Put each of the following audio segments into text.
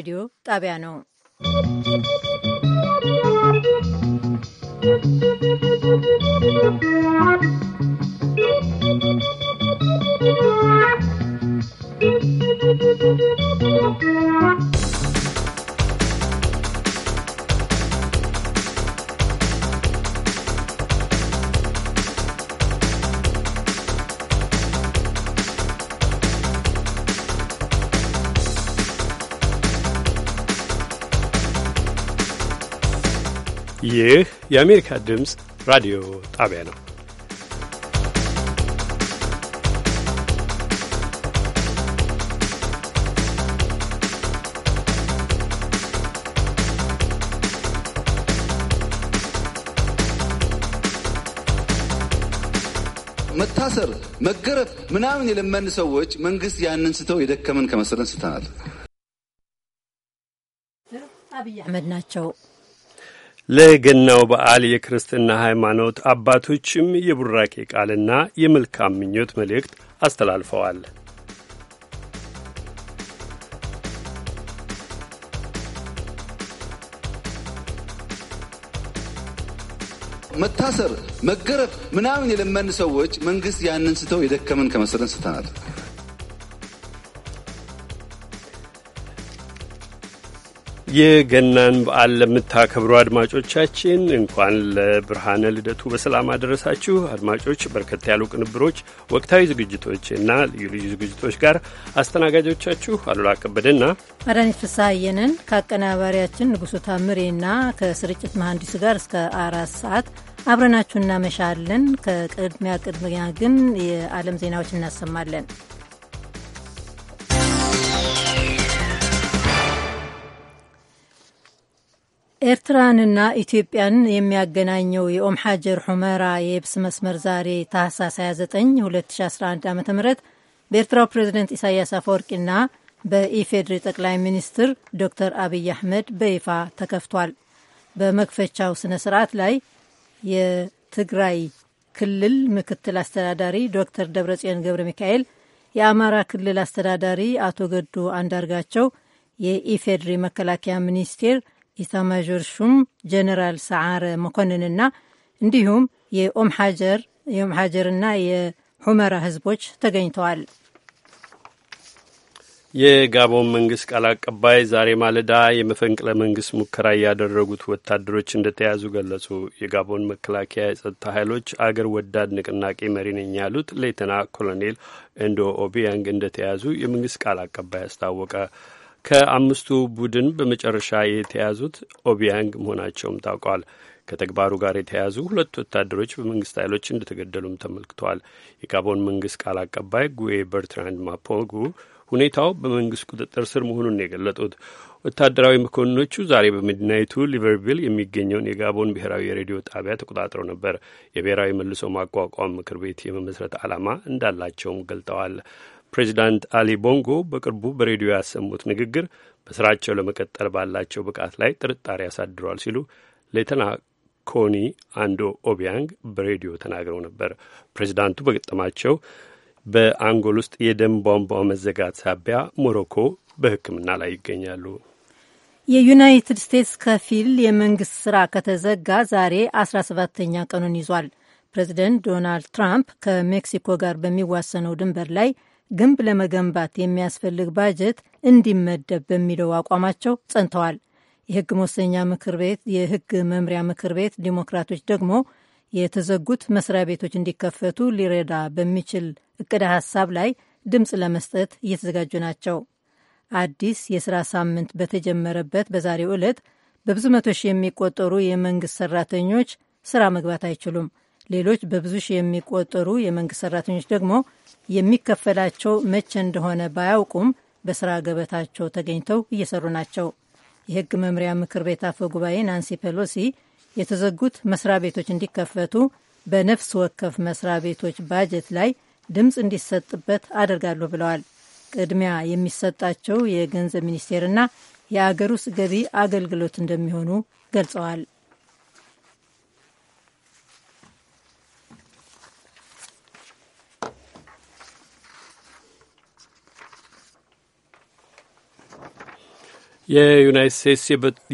ሬዲዮ ጣቢያ ነው። ¶¶ ይህ የአሜሪካ ድምፅ ራዲዮ ጣቢያ ነው። መታሰር፣ መገረፍ ምናምን የለመን ሰዎች መንግስት ያንን ስተው የደከመን ከመሰለን ስተናል። አብይ አህመድ ናቸው። ለገናው በዓል የክርስትና ሃይማኖት አባቶችም የቡራኬ ቃልና የመልካም ምኞት መልእክት አስተላልፈዋል። መታሰር፣ መገረፍ ምናምን የለመን ሰዎች መንግስት ያንን ስተው የደከመን ከመሰለን ስተናል የገናን በዓል ለምታከብሩ አድማጮቻችን እንኳን ለብርሃነ ልደቱ በሰላም አደረሳችሁ። አድማጮች በርከት ያሉ ቅንብሮች፣ ወቅታዊ ዝግጅቶች እና ልዩ ልዩ ዝግጅቶች ጋር አስተናጋጆቻችሁ አሉላ ከበደና አዳነች ፍስሐየንን ከአቀናባሪያችን ንጉሱ ታምሬና ከስርጭት መሐንዲሱ ጋር እስከ አራት ሰዓት አብረናችሁ እናመሻለን። ከቅድሚያ ቅድሚያ ግን የዓለም ዜናዎች እናሰማለን። ኤርትራንና ኢትዮጵያን የሚያገናኘው የኦም ሓጀር ሑመራ የየብስ መስመር ዛሬ ታህሳስ 29 2011 ዓ ም በኤርትራው ፕሬዚደንት ኢሳያስ አፈወርቂና በኢፌድሪ ጠቅላይ ሚኒስትር ዶክተር አብይ አሕመድ በይፋ ተከፍቷል። በመክፈቻው ስነ ስርዓት ላይ የትግራይ ክልል ምክትል አስተዳዳሪ ዶክተር ደብረጽዮን ገብረ ሚካኤል፣ የአማራ ክልል አስተዳዳሪ አቶ ገዱ አንዳርጋቸው፣ የኢፌድሪ መከላከያ ሚኒስቴር ኢታማዦር ሹም ጀነራል ሰዓረ መኮንንና እንዲሁም የኦም ሓጀር የኦም ሀጀርና የሑመራ ህዝቦች ተገኝተዋል። የጋቦን መንግስት ቃል አቀባይ ዛሬ ማለዳ የመፈንቅለ መንግስት ሙከራ ያደረጉት ወታደሮች እንደተያዙ ገለጹ። የጋቦን መከላከያ የጸጥታ ኃይሎች አገር ወዳድ ንቅናቄ መሪ ነኝ ያሉት ሌተና ኮሎኔል እንዶ ኦቢያንግ እንደተያዙ የመንግስት ቃል አቀባይ አስታወቀ። ከአምስቱ ቡድን በመጨረሻ የተያዙት ኦቢያንግ መሆናቸውም ታውቋል። ከተግባሩ ጋር የተያዙ ሁለት ወታደሮች በመንግስት ኃይሎች እንደተገደሉም ተመልክተዋል። የጋቦን መንግስት ቃል አቀባይ ጉዌ በርትራንድ ማፖጉ ሁኔታው በመንግስት ቁጥጥር ስር መሆኑን የገለጡት ወታደራዊ መኮንኖቹ ዛሬ በመዲናይቱ ሊቨርቪል የሚገኘውን የጋቦን ብሔራዊ የሬዲዮ ጣቢያ ተቆጣጥረው ነበር። የብሔራዊ መልሶ ማቋቋም ምክር ቤት የመመስረት ዓላማ እንዳላቸውም ገልጠዋል። ፕሬዚዳንት አሊ ቦንጎ በቅርቡ በሬዲዮ ያሰሙት ንግግር በስራቸው ለመቀጠል ባላቸው ብቃት ላይ ጥርጣሬ ያሳድሯል ሲሉ ሌተና ኮኒ አንዶ ኦቢያንግ በሬዲዮ ተናግረው ነበር። ፕሬዚዳንቱ በገጠማቸው በአንጎል ውስጥ የደም ቧንቧ መዘጋት ሳቢያ ሞሮኮ በሕክምና ላይ ይገኛሉ። የዩናይትድ ስቴትስ ከፊል የመንግስት ስራ ከተዘጋ ዛሬ 17ተኛ ቀኑን ይዟል። ፕሬዚደንት ዶናልድ ትራምፕ ከሜክሲኮ ጋር በሚዋሰነው ድንበር ላይ ግንብ ለመገንባት የሚያስፈልግ ባጀት እንዲመደብ በሚለው አቋማቸው ጸንተዋል። የህግ መወሰኛ ምክር ቤት የህግ መምሪያ ምክር ቤት ዲሞክራቶች ደግሞ የተዘጉት መስሪያ ቤቶች እንዲከፈቱ ሊረዳ በሚችል እቅደ ሀሳብ ላይ ድምፅ ለመስጠት እየተዘጋጁ ናቸው። አዲስ የሥራ ሳምንት በተጀመረበት በዛሬው ዕለት በብዙ መቶ ሺህ የሚቆጠሩ የመንግሥት ሠራተኞች ሥራ መግባት አይችሉም። ሌሎች በብዙ ሺህ የሚቆጠሩ የመንግሥት ሠራተኞች ደግሞ የሚከፈላቸው መቼ እንደሆነ ባያውቁም በስራ ገበታቸው ተገኝተው እየሰሩ ናቸው። የህግ መምሪያ ምክር ቤት አፈ ጉባኤ ናንሲ ፔሎሲ የተዘጉት መስሪያ ቤቶች እንዲከፈቱ በነፍስ ወከፍ መስሪያ ቤቶች ባጀት ላይ ድምፅ እንዲሰጥበት አደርጋለሁ ብለዋል። ቅድሚያ የሚሰጣቸው የገንዘብ ሚኒስቴርና የአገር ውስጥ ገቢ አገልግሎት እንደሚሆኑ ገልጸዋል። የዩናይት ስቴትስ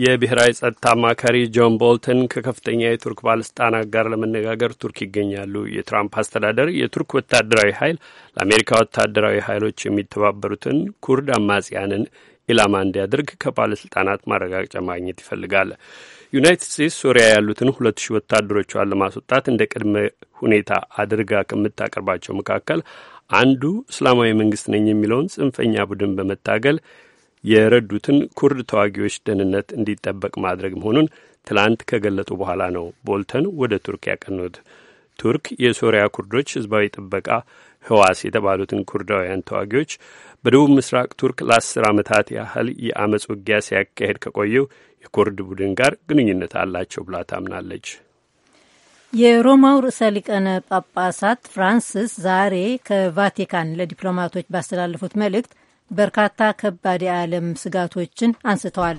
የብሔራዊ ጸጥታ አማካሪ ጆን ቦልተን ከከፍተኛ የቱርክ ባለስልጣናት ጋር ለመነጋገር ቱርክ ይገኛሉ። የትራምፕ አስተዳደር የቱርክ ወታደራዊ ኃይል ለአሜሪካ ወታደራዊ ኃይሎች የሚተባበሩትን ኩርድ አማጽያንን ኢላማ እንዲያደርግ ከባለስልጣናት ማረጋገጫ ማግኘት ይፈልጋል። ዩናይትድ ስቴትስ ሶሪያ ያሉትን ሁለት ሺህ ወታደሮቿን ለማስወጣት እንደ ቅድመ ሁኔታ አድርጋ ከምታቀርባቸው መካከል አንዱ እስላማዊ መንግስት ነኝ የሚለውን ጽንፈኛ ቡድን በመታገል የረዱትን ኩርድ ተዋጊዎች ደህንነት እንዲጠበቅ ማድረግ መሆኑን ትላንት ከገለጡ በኋላ ነው ቦልተን ወደ ቱርክ ያቀኑት። ቱርክ የሶሪያ ኩርዶች ህዝባዊ ጥበቃ ህዋስ የተባሉትን ኩርዳውያን ተዋጊዎች በደቡብ ምስራቅ ቱርክ ለአስር ዓመታት ያህል የአመፅ ውጊያ ሲያካሄድ ከቆየው የኩርድ ቡድን ጋር ግንኙነት አላቸው ብላ ታምናለች። የሮማው ርዕሰ ሊቀነ ጳጳሳት ፍራንሲስ ዛሬ ከቫቲካን ለዲፕሎማቶች ባስተላለፉት መልእክት በርካታ ከባድ የዓለም ስጋቶችን አንስተዋል።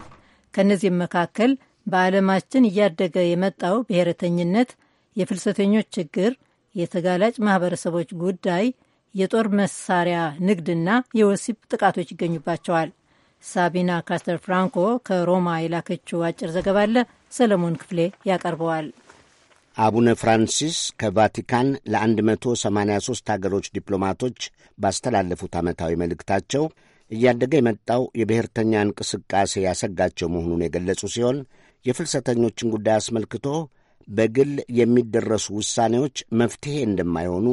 ከእነዚህም መካከል በዓለማችን እያደገ የመጣው ብሔረተኝነት፣ የፍልሰተኞች ችግር፣ የተጋላጭ ማህበረሰቦች ጉዳይ፣ የጦር መሳሪያ ንግድና የወሲብ ጥቃቶች ይገኙባቸዋል። ሳቢና ካስተር ፍራንኮ ከሮማ የላከችው አጭር ዘገባ አለ። ሰለሞን ክፍሌ ያቀርበዋል። አቡነ ፍራንሲስ ከቫቲካን ለ183 ሀገሮች ዲፕሎማቶች ባስተላለፉት ዓመታዊ መልእክታቸው እያደገ የመጣው የብሔርተኛ እንቅስቃሴ ያሰጋቸው መሆኑን የገለጹ ሲሆን የፍልሰተኞችን ጉዳይ አስመልክቶ በግል የሚደረሱ ውሳኔዎች መፍትሄ እንደማይሆኑ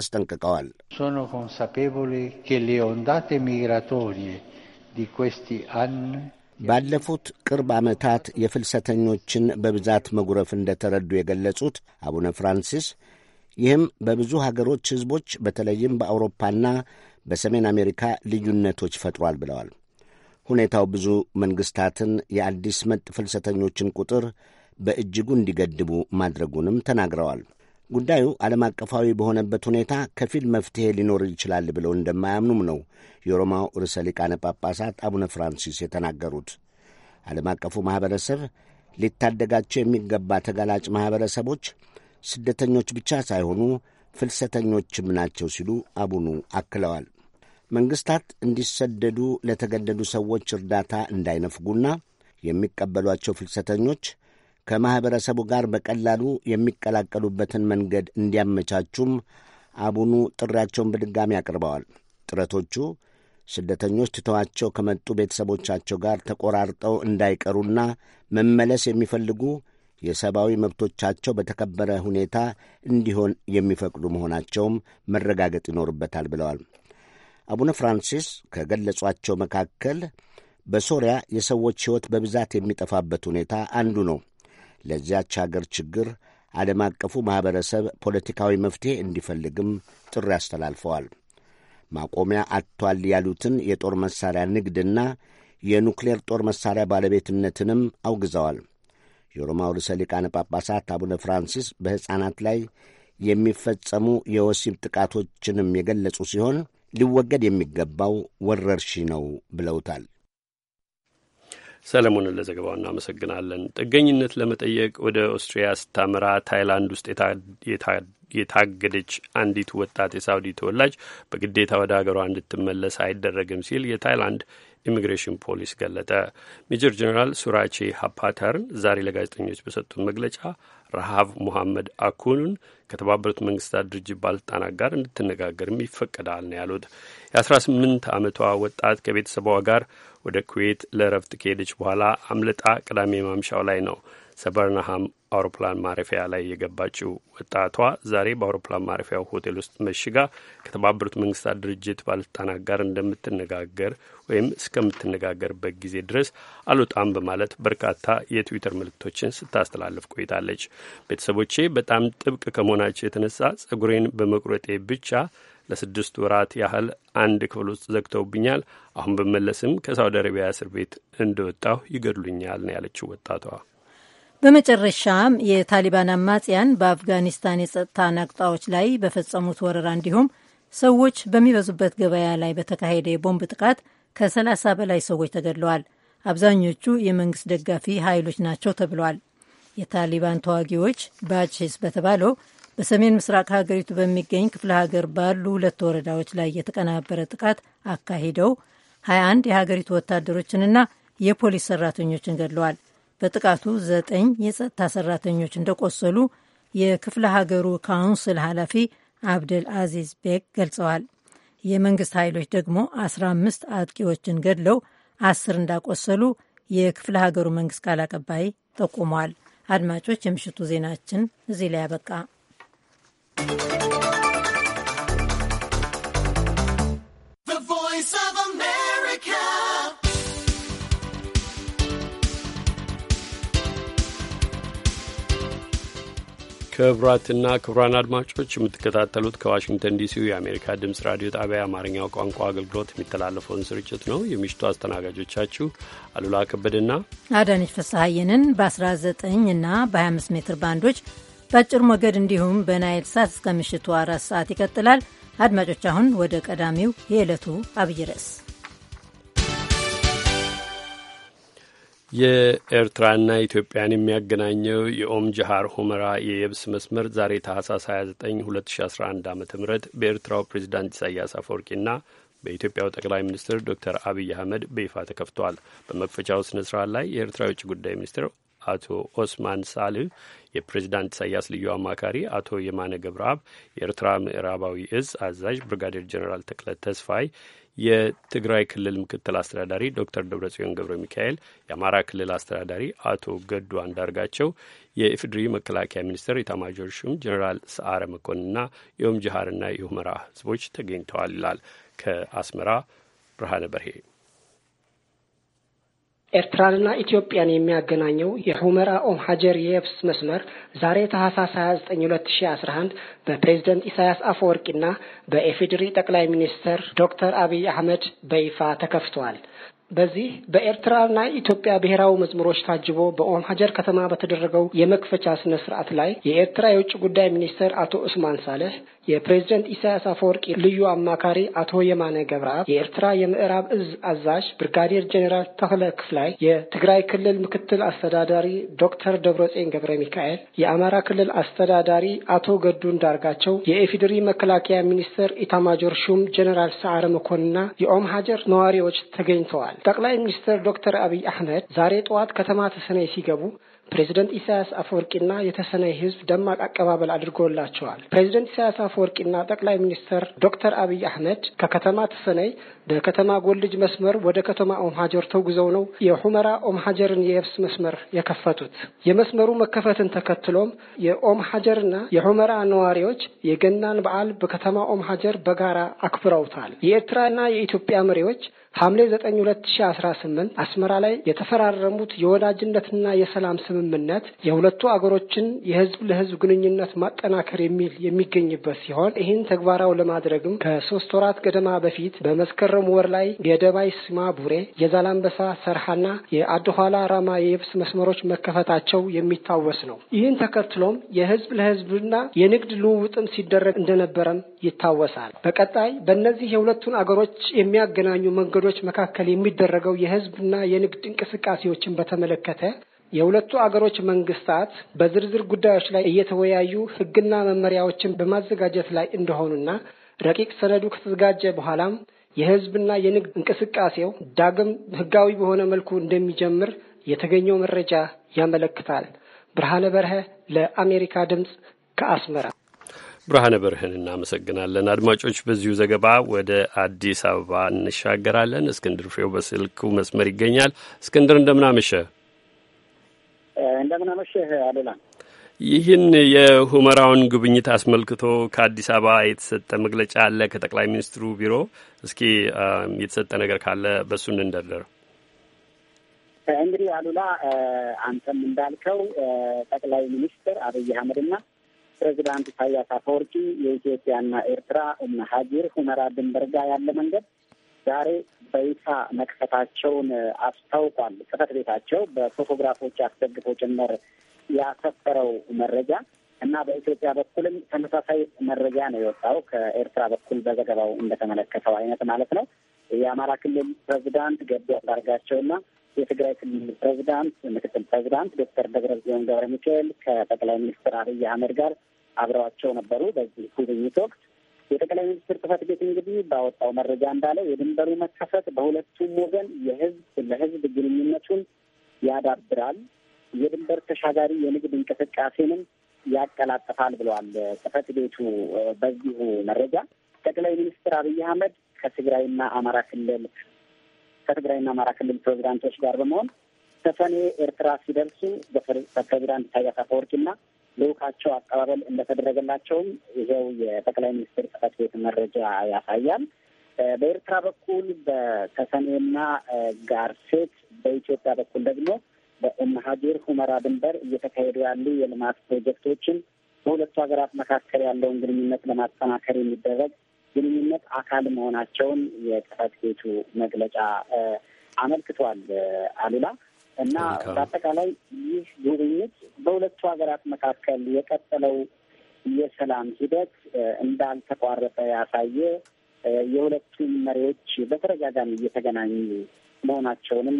አስጠንቅቀዋል። ባለፉት ቅርብ ዓመታት የፍልሰተኞችን በብዛት መጉረፍ እንደተረዱ የገለጹት አቡነ ፍራንሲስ ይህም በብዙ ሀገሮች ሕዝቦች በተለይም በአውሮፓና በሰሜን አሜሪካ ልዩነቶች ፈጥሯል ብለዋል። ሁኔታው ብዙ መንግሥታትን የአዲስ መጥ ፍልሰተኞችን ቁጥር በእጅጉ እንዲገድቡ ማድረጉንም ተናግረዋል። ጉዳዩ ዓለም አቀፋዊ በሆነበት ሁኔታ ከፊል መፍትሄ ሊኖር ይችላል ብለው እንደማያምኑም ነው የሮማው ርዕሰ ሊቃነ ጳጳሳት አቡነ ፍራንሲስ የተናገሩት። ዓለም አቀፉ ማኅበረሰብ ሊታደጋቸው የሚገባ ተጋላጭ ማኅበረሰቦች ስደተኞች ብቻ ሳይሆኑ ፍልሰተኞችም ናቸው ሲሉ አቡኑ አክለዋል። መንግሥታት እንዲሰደዱ ለተገደዱ ሰዎች እርዳታ እንዳይነፍጉና የሚቀበሏቸው ፍልሰተኞች ከማኅበረሰቡ ጋር በቀላሉ የሚቀላቀሉበትን መንገድ እንዲያመቻቹም አቡኑ ጥሪያቸውን በድጋሚ አቅርበዋል። ጥረቶቹ ስደተኞች ትተዋቸው ከመጡ ቤተሰቦቻቸው ጋር ተቆራርጠው እንዳይቀሩና መመለስ የሚፈልጉ የሰብአዊ መብቶቻቸው በተከበረ ሁኔታ እንዲሆን የሚፈቅዱ መሆናቸውም መረጋገጥ ይኖርበታል ብለዋል። አቡነ ፍራንሲስ ከገለጿቸው መካከል በሶሪያ የሰዎች ሕይወት በብዛት የሚጠፋበት ሁኔታ አንዱ ነው። ለዚያች አገር ችግር ዓለም አቀፉ ማኅበረሰብ ፖለቲካዊ መፍትሔ እንዲፈልግም ጥሪ አስተላልፈዋል። ማቆሚያ አጥቷል ያሉትን የጦር መሣሪያ ንግድና የኑክሌር ጦር መሣሪያ ባለቤትነትንም አውግዘዋል። የሮማው ርዕሰ ሊቃነ ጳጳሳት አቡነ ፍራንሲስ በሕፃናት ላይ የሚፈጸሙ የወሲብ ጥቃቶችንም የገለጹ ሲሆን ሊወገድ የሚገባው ወረርሺ ነው ብለውታል። ሰለሞንን ለዘገባው እናመሰግናለን። ጥገኝነት ለመጠየቅ ወደ ኦስትሪያ ስታመራ ታይላንድ ውስጥ የታገደች አንዲት ወጣት የሳውዲ ተወላጅ በግዴታ ወደ ሀገሯ እንድትመለስ አይደረግም ሲል የታይላንድ ኢሚግሬሽን ፖሊስ ገለጠ። ሜጀር ጀኔራል ሱራቼ ሀፓተርን ዛሬ ለጋዜጠኞች በሰጡት መግለጫ ረሃብ ሙሐመድ አኩኑን ከተባበሩት መንግስታት ድርጅት ባለስልጣናት ጋር እንድትነጋገርም ይፈቀዳል ነው ያሉት። የ18 ዓመቷ ወጣት ከቤተሰቧ ጋር ወደ ኩዌት ለእረፍት ከሄደች በኋላ አምልጣ ቅዳሜ ማምሻው ላይ ነው ሰበርናሃም አውሮፕላን ማረፊያ ላይ የገባችው ወጣቷ ዛሬ በአውሮፕላን ማረፊያው ሆቴል ውስጥ መሽጋ ከተባበሩት መንግስታት ድርጅት ባለስልጣናት ጋር እንደምትነጋገር ወይም እስከምትነጋገርበት ጊዜ ድረስ አልወጣም በማለት በርካታ የትዊተር ምልክቶችን ስታስተላልፍ ቆይታለች። ቤተሰቦቼ በጣም ጥብቅ ከመሆናቸው የተነሳ ጸጉሬን በመቁረጤ ብቻ ለስድስት ወራት ያህል አንድ ክፍል ውስጥ ዘግተውብኛል። አሁን ብመለስም ከሳውዲ አረቢያ እስር ቤት እንደወጣሁ ይገድሉኛል ነው ያለችው ወጣቷ። በመጨረሻም የታሊባን አማጽያን በአፍጋኒስታን የጸጥታ ናቅጣዎች ላይ በፈጸሙት ወረራ እንዲሁም ሰዎች በሚበዙበት ገበያ ላይ በተካሄደ የቦምብ ጥቃት ከ30 በላይ ሰዎች ተገድለዋል። አብዛኞቹ የመንግስት ደጋፊ ኃይሎች ናቸው ተብሏል። የታሊባን ተዋጊዎች ባችስ በተባለው በሰሜን ምስራቅ ሀገሪቱ በሚገኝ ክፍለ ሀገር ባሉ ሁለት ወረዳዎች ላይ የተቀናበረ ጥቃት አካሂደው 21 የሀገሪቱ ወታደሮችንና የፖሊስ ሰራተኞችን ገድለዋል። በጥቃቱ ዘጠኝ የጸጥታ ሰራተኞች እንደቆሰሉ የክፍለ ሀገሩ ካውንስል ኃላፊ አብደል አዚዝ ቤግ ገልጸዋል። የመንግስት ኃይሎች ደግሞ 15 አጥቂዎችን ገድለው አስር እንዳቆሰሉ የክፍለ ሀገሩ መንግስት ቃል አቀባይ ጠቁመዋል። አድማጮች፣ የምሽቱ ዜናችን እዚህ ላይ አበቃ ክቡራትና ክቡራን አድማጮች የምትከታተሉት ከዋሽንግተን ዲሲው የአሜሪካ ድምፅ ራዲዮ ጣቢያ የአማርኛው ቋንቋ አገልግሎት የሚተላለፈውን ስርጭት ነው። የምሽቱ አስተናጋጆቻችሁ አሉላ ከበድና አዳነች ፍስሐየንን በ19 እና በ25 ሜትር ባንዶች በአጭር ሞገድ እንዲሁም በናይል ሳት እስከ ምሽቱ አራት ሰዓት ይቀጥላል። አድማጮች አሁን ወደ ቀዳሚው የዕለቱ አብይ ርዕስ የኤርትራና ኢትዮጵያን የሚያገናኘው የኦም ጀሃር ሁመራ የየብስ መስመር ዛሬ ታህሳስ 29 2011 ዓ ም በኤርትራው ፕሬዚዳንት ኢሳያስ አፈወርቂና በኢትዮጵያው ጠቅላይ ሚኒስትር ዶክተር አብይ አህመድ በይፋ ተከፍቷል። በመክፈቻው ስነ ስርዓት ላይ የኤርትራ የውጭ ጉዳይ ሚኒስትር አቶ ኦስማን ሳልህ፣ የፕሬዚዳንት ኢሳያስ ልዩ አማካሪ አቶ የማነ ገብረአብ፣ የኤርትራ ምዕራባዊ እዝ አዛዥ ብርጋዴር ጀኔራል ተክለ ተስፋይ፣ የትግራይ ክልል ምክትል አስተዳዳሪ ዶክተር ደብረጽዮን ገብረ ሚካኤል፣ የአማራ ክልል አስተዳዳሪ አቶ ገዱ አንዳርጋቸው፣ የኢፌዴሪ መከላከያ ሚኒስትር ኢታማዦር ሹም ጀኔራል ሰዓረ መኮንንና የኦምጅሃርና የሁመራ ህዝቦች ተገኝተዋል ይላል ከአስመራ ብርሃነ በርሄ ኤርትራንና ኢትዮጵያን የሚያገናኘው የሁመራ ኦም ሀጀር የየብስ መስመር ዛሬ ታህሳስ 29 2011 በፕሬዝደንት ኢሳያስ አፈወርቂና በኤፌድሪ ጠቅላይ ሚኒስትር ዶክተር አብይ አህመድ በይፋ ተከፍቷል። በዚህ በኤርትራና ኢትዮጵያ ብሔራዊ መዝሙሮች ታጅቦ በኦም ሀጀር ከተማ በተደረገው የመክፈቻ ስነ ስርዓት ላይ የኤርትራ የውጭ ጉዳይ ሚኒስትር አቶ ኡስማን ሳልህ፣ የፕሬዝደንት ኢሳያስ አፈወርቂ ልዩ አማካሪ አቶ የማነ ገብረአብ፣ የኤርትራ የምዕራብ እዝ አዛዥ ብርጋዴር ጄኔራል ተክለ ክፍላይ፣ የትግራይ ክልል ምክትል አስተዳዳሪ ዶክተር ደብረጽዮን ገብረ ሚካኤል፣ የአማራ ክልል አስተዳዳሪ አቶ ገዱ እንዳርጋቸው፣ የኢፌዴሪ መከላከያ ሚኒስትር ኢታማጆር ሹም ጄኔራል ሰዓረ መኮንና የኦም ሀጀር ነዋሪዎች ተገኝተዋል። ጠቅላይ ሚኒስትር ዶክተር አብይ አህመድ ዛሬ ጠዋት ከተማ ተሰነይ ሲገቡ ፕሬዚደንት ኢሳያስ አፈወርቂና የተሰነይ ህዝብ ደማቅ አቀባበል አድርጎላቸዋል። ፕሬዚደንት ኢሳያስ አፈወርቂና ጠቅላይ ሚኒስትር ዶክተር አብይ አህመድ ከከተማ ተሰነይ በከተማ ጎልጅ መስመር ወደ ከተማ ኦም ሀጀር ተጉዘው ነው የሁመራ ኦም ሀጀርን የየብስ መስመር የከፈቱት። የመስመሩ መከፈትን ተከትሎም የኦም የሁመራ ነዋሪዎች የገናን በዓል በከተማ ኦም ሀጀር በጋራ አክብረውታል። የኤርትራና የኢትዮጵያ መሪዎች ሐምሌ 9 2018 አስመራ ላይ የተፈራረሙት የወዳጅነትና የሰላም ስምምነት የሁለቱ አገሮችን የህዝብ ለህዝብ ግንኙነት ማጠናከር የሚል የሚገኝበት ሲሆን ይህን ተግባራዊ ለማድረግም ከሶስት ወራት ገደማ በፊት በመስከረ መስከረም ወር ላይ የደባይ ስማ ቡሬ፣ የዛላምበሳ ሰርሃና የአድኋላ ራማ የየብስ መስመሮች መከፈታቸው የሚታወስ ነው። ይህን ተከትሎም የህዝብ ለህዝብና የንግድ ልውውጥም ሲደረግ እንደነበረም ይታወሳል። በቀጣይ በእነዚህ የሁለቱን አገሮች የሚያገናኙ መንገዶች መካከል የሚደረገው የህዝብና የንግድ እንቅስቃሴዎችን በተመለከተ የሁለቱ አገሮች መንግስታት በዝርዝር ጉዳዮች ላይ እየተወያዩ ህግና መመሪያዎችን በማዘጋጀት ላይ እንደሆኑና ረቂቅ ሰነዱ ከተዘጋጀ በኋላም የህዝብና የንግድ እንቅስቃሴው ዳግም ህጋዊ በሆነ መልኩ እንደሚጀምር የተገኘው መረጃ ያመለክታል። ብርሃነ በርሀ ለአሜሪካ ድምፅ ከአስመራ። ብርሃነ በርህን እናመሰግናለን። አድማጮች፣ በዚሁ ዘገባ ወደ አዲስ አበባ እንሻገራለን። እስክንድር ፍሬው በስልኩ መስመር ይገኛል። እስክንድር እንደምናመሸ እንደምናመሸህ አሉላ ይህን የሁመራውን ጉብኝት አስመልክቶ ከአዲስ አበባ የተሰጠ መግለጫ አለ ከጠቅላይ ሚኒስትሩ ቢሮ። እስኪ የተሰጠ ነገር ካለ በእሱ እንደርደር። እንግዲህ አሉላ፣ አንተም እንዳልከው ጠቅላይ ሚኒስትር አብይ አህመድና ፕሬዚዳንት ኢሳያስ አፈወርቂ የኢትዮጵያና ኤርትራ እና ሀጂር ሁመራ ድንበር ጋር ያለ መንገድ ዛሬ በይፋ መክፈታቸውን አስታውቋል። ጽሕፈት ቤታቸው በፎቶግራፎች አስደግፎ ጭምር ያሰፈረው መረጃ እና በኢትዮጵያ በኩልም ተመሳሳይ መረጃ ነው የወጣው ከኤርትራ በኩል በዘገባው እንደተመለከተው አይነት ማለት ነው። የአማራ ክልል ፕሬዚዳንት ገዱ አንዳርጋቸውና የትግራይ ክልል ፕሬዚዳንት ምክትል ፕሬዚዳንት ዶክተር ደብረጽዮን ገብረ ሚካኤል ከጠቅላይ ሚኒስትር አብይ አህመድ ጋር አብረዋቸው ነበሩ። በዚህ ጉብኝት ወቅት የጠቅላይ ሚኒስትር ጽህፈት ቤት እንግዲህ ባወጣው መረጃ እንዳለው የድንበሩ መከፈት በሁለቱም ወገን የህዝብ ለህዝብ ግንኙነቱን ያዳብራል የድንበር ተሻጋሪ የንግድ እንቅስቃሴንም ያቀላጥፋል ብለዋል ጽህፈት ቤቱ። በዚሁ መረጃ ጠቅላይ ሚኒስትር አብይ አህመድ ከትግራይና አማራ ክልል ከትግራይና አማራ ክልል ፕሬዚዳንቶች ጋር በመሆን ተፈኔ ኤርትራ ሲደርሱ በፕሬዚዳንት ኢሳያስ አፈወርቂና ልዑካቸው አቀባበል እንደተደረገላቸውም ይኸው የጠቅላይ ሚኒስትር ጽህፈት ቤት መረጃ ያሳያል። በኤርትራ በኩል በተሰኔና ጋርሴት በኢትዮጵያ በኩል ደግሞ በኢማሀዲር ሁመራ ድንበር እየተካሄዱ ያሉ የልማት ፕሮጀክቶችን በሁለቱ ሀገራት መካከል ያለውን ግንኙነት ለማጠናከር የሚደረግ ግንኙነት አካል መሆናቸውን የጽህፈት ቤቱ መግለጫ አመልክቷል። አሉላ እና በአጠቃላይ ይህ ጉብኝት በሁለቱ ሀገራት መካከል የቀጠለው የሰላም ሂደት እንዳልተቋረጠ ያሳየ የሁለቱም መሪዎች በተደጋጋሚ እየተገናኙ መሆናቸውንም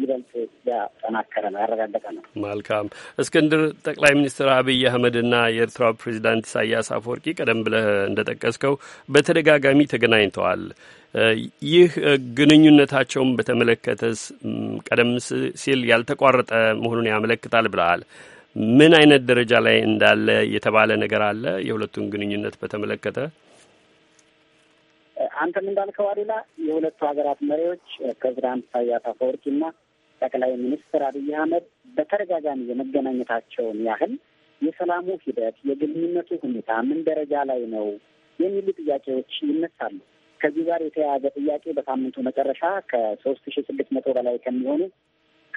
ይበልጥ ያጠናከረ ነው ያረጋገጠ ነው። መልካም እስክንድር፣ ጠቅላይ ሚኒስትር አብይ አህመድና የኤርትራ ፕሬዚዳንት ኢሳያስ አፈወርቂ ቀደም ብለህ እንደጠቀስከው በተደጋጋሚ ተገናኝተዋል። ይህ ግንኙነታቸውን በተመለከተስ ቀደም ሲል ያልተቋረጠ መሆኑን ያመለክታል ብለሃል። ምን አይነት ደረጃ ላይ እንዳለ የተባለ ነገር አለ የሁለቱን ግንኙነት በተመለከተ? አንተም እንዳልከው አሉላ የሁለቱ ሀገራት መሪዎች ፕሬዚዳንት ኢሳያስ ና ጠቅላይ ሚኒስትር አብይ አህመድ በተደጋጋሚ የመገናኘታቸውን ያህል የሰላሙ ሂደት፣ የግንኙነቱ ሁኔታ ምን ደረጃ ላይ ነው የሚሉ ጥያቄዎች ይነሳሉ። ከዚህ ጋር የተያያዘ ጥያቄ በሳምንቱ መጨረሻ ከሶስት ሺ ስድስት መቶ በላይ ከሚሆኑ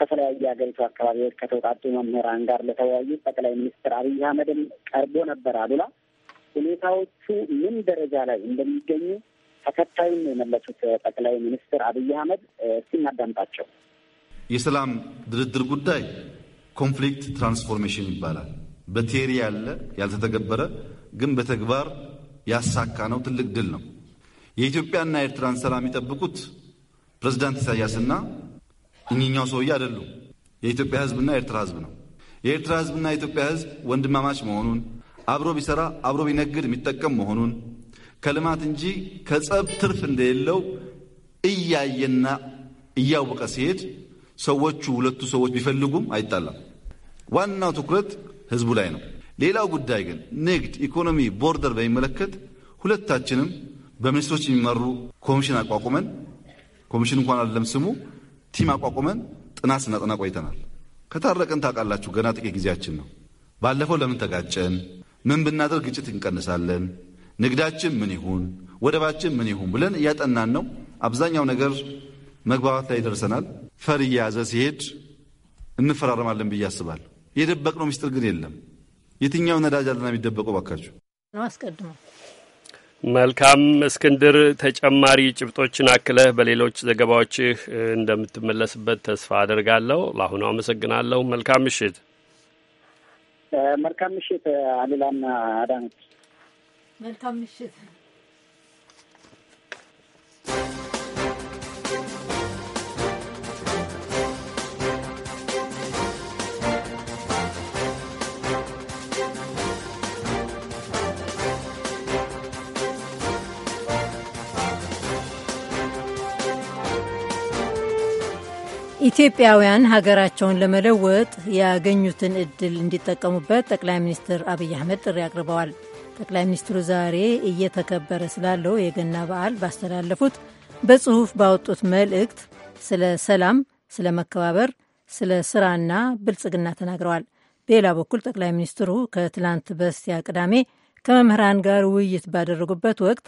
ከተለያዩ የሀገሪቱ አካባቢዎች ከተውጣጡ መምህራን ጋር ለተወያዩ ጠቅላይ ሚኒስትር አብይ አህመድን ቀርቦ ነበር። አሉላ ሁኔታዎቹ ምን ደረጃ ላይ እንደሚገኙ ተከታዩን የመለሱት ጠቅላይ ሚኒስትር አብይ አህመድ ሲናዳምጣቸው የሰላም ድርድር ጉዳይ ኮንፍሊክት ትራንስፎርሜሽን ይባላል። በቴሪ ያለ ያልተተገበረ ግን በተግባር ያሳካ ነው። ትልቅ ድል ነው። የኢትዮጵያና የኤርትራን ሰላም የሚጠብቁት ፕሬዚዳንት ኢሳያስና እኚኛው ሰውዬ አይደሉም። የኢትዮጵያ ሕዝብና የኤርትራ ሕዝብ ነው። የኤርትራ ሕዝብና የኢትዮጵያ ሕዝብ ወንድማማች መሆኑን አብሮ ቢሰራ አብሮ ቢነግድ የሚጠቀም መሆኑን ከልማት እንጂ ከጸብ ትርፍ እንደሌለው እያየና እያወቀ ሲሄድ ሰዎቹ ሁለቱ ሰዎች ቢፈልጉም አይጣላም። ዋናው ትኩረት ህዝቡ ላይ ነው። ሌላው ጉዳይ ግን ንግድ፣ ኢኮኖሚ፣ ቦርደር በሚመለከት ሁለታችንም በሚኒስትሮች የሚመሩ ኮሚሽን አቋቁመን ኮሚሽን እንኳን አይደለም ስሙ ቲም አቋቁመን ጥናት ስናጠና ቆይተናል። ከታረቅን ታውቃላችሁ፣ ገና ጥቂት ጊዜያችን ነው። ባለፈው ለምን ተጋጨን? ምን ብናደርግ ግጭት እንቀንሳለን? ንግዳችን ምን ይሁን፣ ወደባችን ምን ይሁን ብለን እያጠናን ነው። አብዛኛው ነገር መግባባት ላይ ደርሰናል። ፈር እየያዘ ሲሄድ እንፈራረማለን ብዬ አስባለሁ። የደበቅነው ምስጢር ግን የለም። የትኛው ነዳጅ አለና የሚደበቀው ባካችሁ ነው። አስቀድሞ መልካም እስክንድር፣ ተጨማሪ ጭብጦችን አክለህ በሌሎች ዘገባዎችህ እንደምትመለስበት ተስፋ አድርጋለሁ። ለአሁኑ አመሰግናለሁ። መልካም ምሽት። መልካም ምሽት አሉላና አዳነች። መልካም ምሽት። ኢትዮጵያውያን ሀገራቸውን ለመለወጥ ያገኙትን እድል እንዲጠቀሙበት ጠቅላይ ሚኒስትር አብይ አህመድ ጥሪ አቅርበዋል። ጠቅላይ ሚኒስትሩ ዛሬ እየተከበረ ስላለው የገና በዓል ባስተላለፉት በጽሑፍ ባወጡት መልእክት ስለ ሰላም፣ ስለ መከባበር፣ ስለ ስራና ብልጽግና ተናግረዋል። በሌላ በኩል ጠቅላይ ሚኒስትሩ ከትላንት በስቲያ ቅዳሜ ከመምህራን ጋር ውይይት ባደረጉበት ወቅት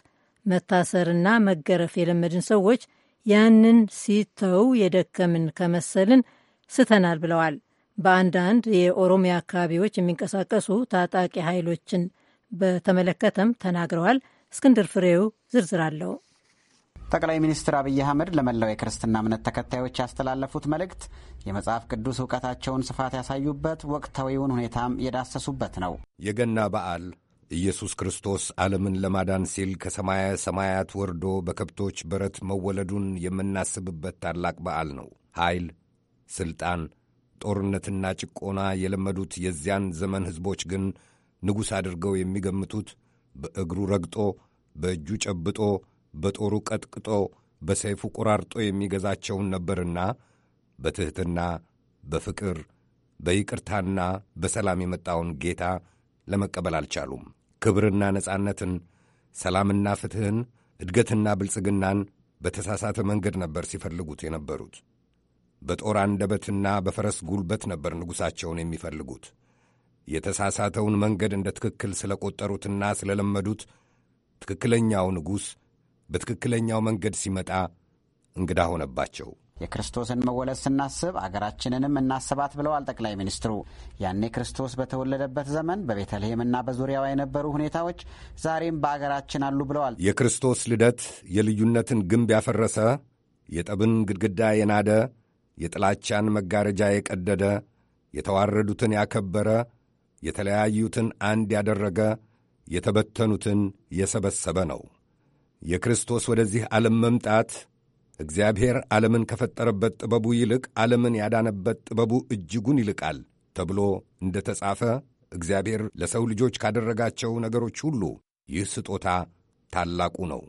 መታሰርና መገረፍ የለመድን ሰዎች ያንን ሲተው የደከምን ከመሰልን ስተናል ብለዋል። በአንዳንድ የኦሮሚያ አካባቢዎች የሚንቀሳቀሱ ታጣቂ ኃይሎችን በተመለከተም ተናግረዋል። እስክንድር ፍሬው ዝርዝር አለው። ጠቅላይ ሚኒስትር አብይ አህመድ ለመላው የክርስትና እምነት ተከታዮች ያስተላለፉት መልእክት የመጽሐፍ ቅዱስ እውቀታቸውን ስፋት ያሳዩበት፣ ወቅታዊውን ሁኔታም የዳሰሱበት ነው። የገና በዓል ኢየሱስ ክርስቶስ ዓለምን ለማዳን ሲል ከሰማየ ሰማያት ወርዶ በከብቶች በረት መወለዱን የምናስብበት ታላቅ በዓል ነው። ኃይል፣ ሥልጣን፣ ጦርነትና ጭቆና የለመዱት የዚያን ዘመን ሕዝቦች ግን ንጉሥ አድርገው የሚገምቱት በእግሩ ረግጦ በእጁ ጨብጦ በጦሩ ቀጥቅጦ በሰይፉ ቆራርጦ የሚገዛቸውን ነበርና በትሕትና በፍቅር በይቅርታና በሰላም የመጣውን ጌታ ለመቀበል አልቻሉም። ክብርና ነጻነትን፣ ሰላምና ፍትሕን፣ እድገትና ብልጽግናን በተሳሳተ መንገድ ነበር ሲፈልጉት የነበሩት። በጦር አንደበትና በፈረስ ጉልበት ነበር ንጉሣቸውን የሚፈልጉት። የተሳሳተውን መንገድ እንደ ትክክል ስለቆጠሩትና ስለለመዱት ትክክለኛው ንጉሥ በትክክለኛው መንገድ ሲመጣ እንግዳ ሆነባቸው። የክርስቶስን መወለድ ስናስብ አገራችንንም እናስባት ብለዋል ጠቅላይ ሚኒስትሩ። ያኔ ክርስቶስ በተወለደበት ዘመን በቤተልሔምና በዙሪያዋ የነበሩ ሁኔታዎች ዛሬም በአገራችን አሉ ብለዋል። የክርስቶስ ልደት የልዩነትን ግንብ ያፈረሰ፣ የጠብን ግድግዳ የናደ፣ የጥላቻን መጋረጃ የቀደደ፣ የተዋረዱትን ያከበረ የተለያዩትን አንድ ያደረገ የተበተኑትን የሰበሰበ ነው። የክርስቶስ ወደዚህ ዓለም መምጣት እግዚአብሔር ዓለምን ከፈጠረበት ጥበቡ ይልቅ ዓለምን ያዳነበት ጥበቡ እጅጉን ይልቃል ተብሎ እንደ ተጻፈ እግዚአብሔር ለሰው ልጆች ካደረጋቸው ነገሮች ሁሉ ይህ ስጦታ ታላቁ ነው።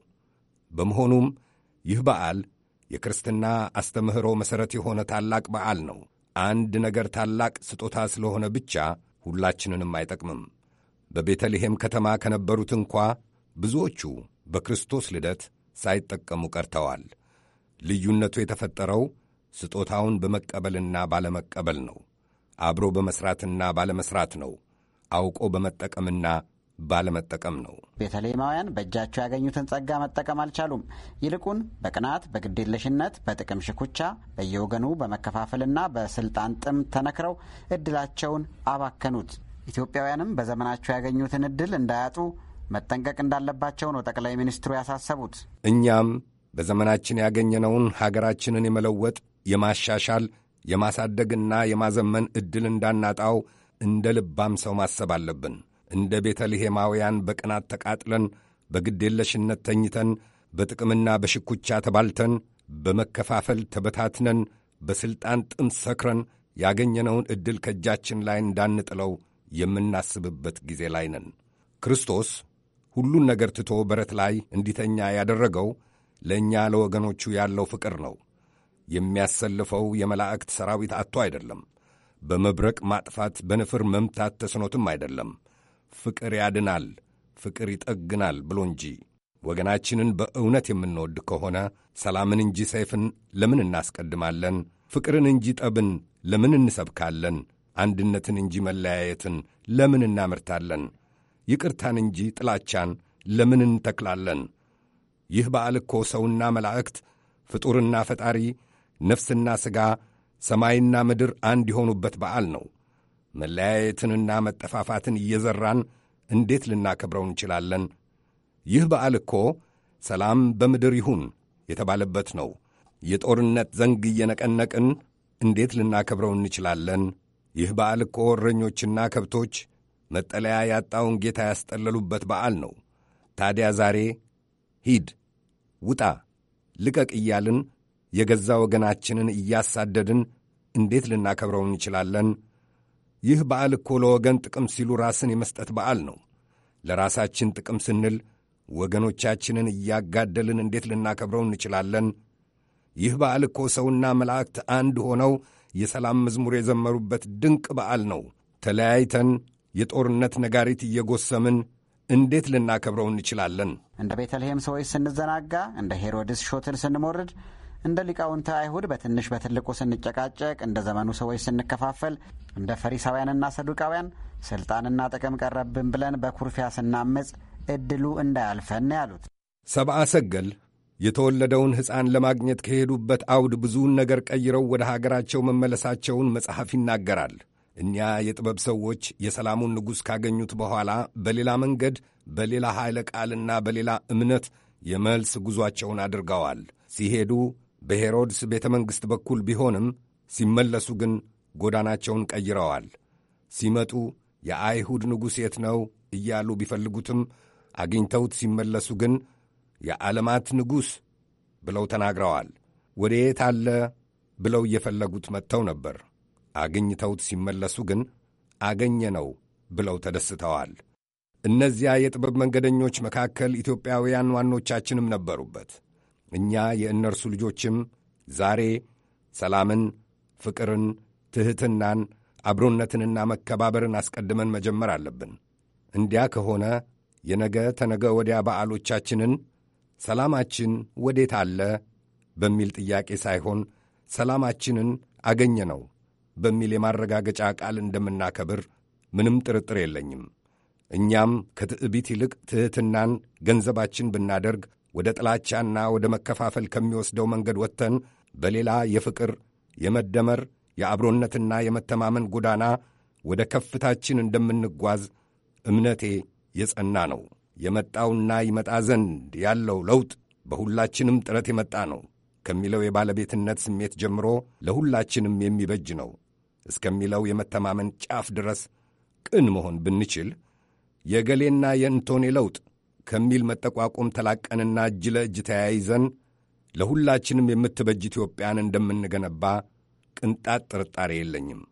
በመሆኑም ይህ በዓል የክርስትና አስተምህሮ መሠረት የሆነ ታላቅ በዓል ነው። አንድ ነገር ታላቅ ስጦታ ስለሆነ ብቻ ሁላችንንም አይጠቅምም። በቤተልሔም ከተማ ከነበሩት እንኳ ብዙዎቹ በክርስቶስ ልደት ሳይጠቀሙ ቀርተዋል። ልዩነቱ የተፈጠረው ስጦታውን በመቀበልና ባለመቀበል ነው። አብሮ በመሥራትና ባለመሥራት ነው። አውቆ በመጠቀምና ባለመጠቀም ነው። ቤተልሔማውያን በእጃቸው ያገኙትን ጸጋ መጠቀም አልቻሉም። ይልቁን በቅናት፣ በግዴለሽነት፣ በጥቅም ሽኩቻ፣ በየወገኑ በመከፋፈልና በስልጣን ጥም ተነክረው እድላቸውን አባከኑት። ኢትዮጵያውያንም በዘመናቸው ያገኙትን እድል እንዳያጡ መጠንቀቅ እንዳለባቸው ነው ጠቅላይ ሚኒስትሩ ያሳሰቡት። እኛም በዘመናችን ያገኘነውን ሀገራችንን የመለወጥ የማሻሻል፣ የማሳደግና የማዘመን ዕድል እንዳናጣው እንደ ልባም ሰው ማሰብ አለብን። እንደ ቤተልሔማውያን በቅናት ተቃጥለን፣ በግዴለሽነት ተኝተን፣ በጥቅምና በሽኩቻ ተባልተን፣ በመከፋፈል ተበታትነን፣ በሥልጣን ጥም ሰክረን ያገኘነውን ዕድል ከእጃችን ላይ እንዳንጥለው የምናስብበት ጊዜ ላይ ነን። ክርስቶስ ሁሉን ነገር ትቶ በረት ላይ እንዲተኛ ያደረገው ለእኛ ለወገኖቹ ያለው ፍቅር ነው። የሚያሰልፈው የመላእክት ሰራዊት አጥቶ አይደለም። በመብረቅ ማጥፋት፣ በንፍር መምታት ተስኖትም አይደለም። ፍቅር ያድናል፣ ፍቅር ይጠግናል ብሎ እንጂ ወገናችንን በእውነት የምንወድ ከሆነ ሰላምን እንጂ ሰይፍን ለምን እናስቀድማለን? ፍቅርን እንጂ ጠብን ለምን እንሰብካለን? አንድነትን እንጂ መለያየትን ለምን እናመርታለን? ይቅርታን እንጂ ጥላቻን ለምን እንተክላለን? ይህ በዓል እኮ ሰውና መላእክት፣ ፍጡርና ፈጣሪ፣ ነፍስና ሥጋ፣ ሰማይና ምድር አንድ የሆኑበት በዓል ነው። መለያየትንና መጠፋፋትን እየዘራን እንዴት ልናከብረው እንችላለን? ይህ በዓል እኮ ሰላም በምድር ይሁን የተባለበት ነው። የጦርነት ዘንግ እየነቀነቅን እንዴት ልናከብረው እንችላለን? ይህ በዓል እኮ እረኞችና ከብቶች መጠለያ ያጣውን ጌታ ያስጠለሉበት በዓል ነው። ታዲያ ዛሬ ሂድ፣ ውጣ፣ ልቀቅ እያልን የገዛ ወገናችንን እያሳደድን እንዴት ልናከብረው እንችላለን? ይህ በዓል እኮ ለወገን ጥቅም ሲሉ ራስን የመስጠት በዓል ነው። ለራሳችን ጥቅም ስንል ወገኖቻችንን እያጋደልን እንዴት ልናከብረው እንችላለን? ይህ በዓል እኮ ሰውና መላእክት አንድ ሆነው የሰላም መዝሙር የዘመሩበት ድንቅ በዓል ነው። ተለያይተን የጦርነት ነጋሪት እየጎሰምን እንዴት ልናከብረው እንችላለን? እንደ ቤተልሔም ሰዎች ስንዘናጋ፣ እንደ ሄሮድስ ሾትን ስንሞርድ እንደ ሊቃውንተ አይሁድ በትንሽ በትልቁ ስንጨቃጨቅ፣ እንደ ዘመኑ ሰዎች ስንከፋፈል፣ እንደ ፈሪሳውያንና ሰዱቃውያን ስልጣንና ጥቅም ቀረብን ብለን በኩርፊያ ስናምጽ እድሉ እንዳያልፈን ያሉት ሰብአ ሰገል የተወለደውን ሕፃን ለማግኘት ከሄዱበት አውድ ብዙውን ነገር ቀይረው ወደ ሀገራቸው መመለሳቸውን መጽሐፍ ይናገራል። እኒያ የጥበብ ሰዎች የሰላሙን ንጉሥ ካገኙት በኋላ በሌላ መንገድ፣ በሌላ ኃይለ ቃልና በሌላ እምነት የመልስ ጉዟቸውን አድርገዋል። ሲሄዱ በሄሮድስ ቤተ መንግሥት በኩል ቢሆንም ሲመለሱ ግን ጎዳናቸውን ቀይረዋል። ሲመጡ የአይሁድ ንጉሥ የት ነው እያሉ ቢፈልጉትም አግኝተውት ሲመለሱ ግን የዓለማት ንጉሥ ብለው ተናግረዋል። ወደ የት አለ ብለው እየፈለጉት መጥተው ነበር። አግኝተውት ሲመለሱ ግን አገኘ ነው ብለው ተደስተዋል። እነዚያ የጥበብ መንገደኞች መካከል ኢትዮጵያውያን ዋኖቻችንም ነበሩበት። እኛ የእነርሱ ልጆችም ዛሬ ሰላምን፣ ፍቅርን፣ ትሕትናን፣ አብሮነትንና መከባበርን አስቀድመን መጀመር አለብን። እንዲያ ከሆነ የነገ ተነገ ወዲያ በዓሎቻችንን ሰላማችን ወዴት አለ በሚል ጥያቄ ሳይሆን ሰላማችንን አገኘ ነው በሚል የማረጋገጫ ቃል እንደምናከብር ምንም ጥርጥር የለኝም። እኛም ከትዕቢት ይልቅ ትሕትናን ገንዘባችን ብናደርግ ወደ ጥላቻና ወደ መከፋፈል ከሚወስደው መንገድ ወጥተን በሌላ የፍቅር የመደመር የአብሮነትና የመተማመን ጎዳና ወደ ከፍታችን እንደምንጓዝ እምነቴ የጸና ነው። የመጣውና ይመጣ ዘንድ ያለው ለውጥ በሁላችንም ጥረት የመጣ ነው ከሚለው የባለቤትነት ስሜት ጀምሮ ለሁላችንም የሚበጅ ነው እስከሚለው የመተማመን ጫፍ ድረስ ቅን መሆን ብንችል የገሌና የእንቶኔ ለውጥ ከሚል መጠቋቆም ተላቀንና እጅ ለእጅ ተያይዘን ለሁላችንም የምትበጅ ኢትዮጵያን እንደምንገነባ ቅንጣት ጥርጣሬ የለኝም።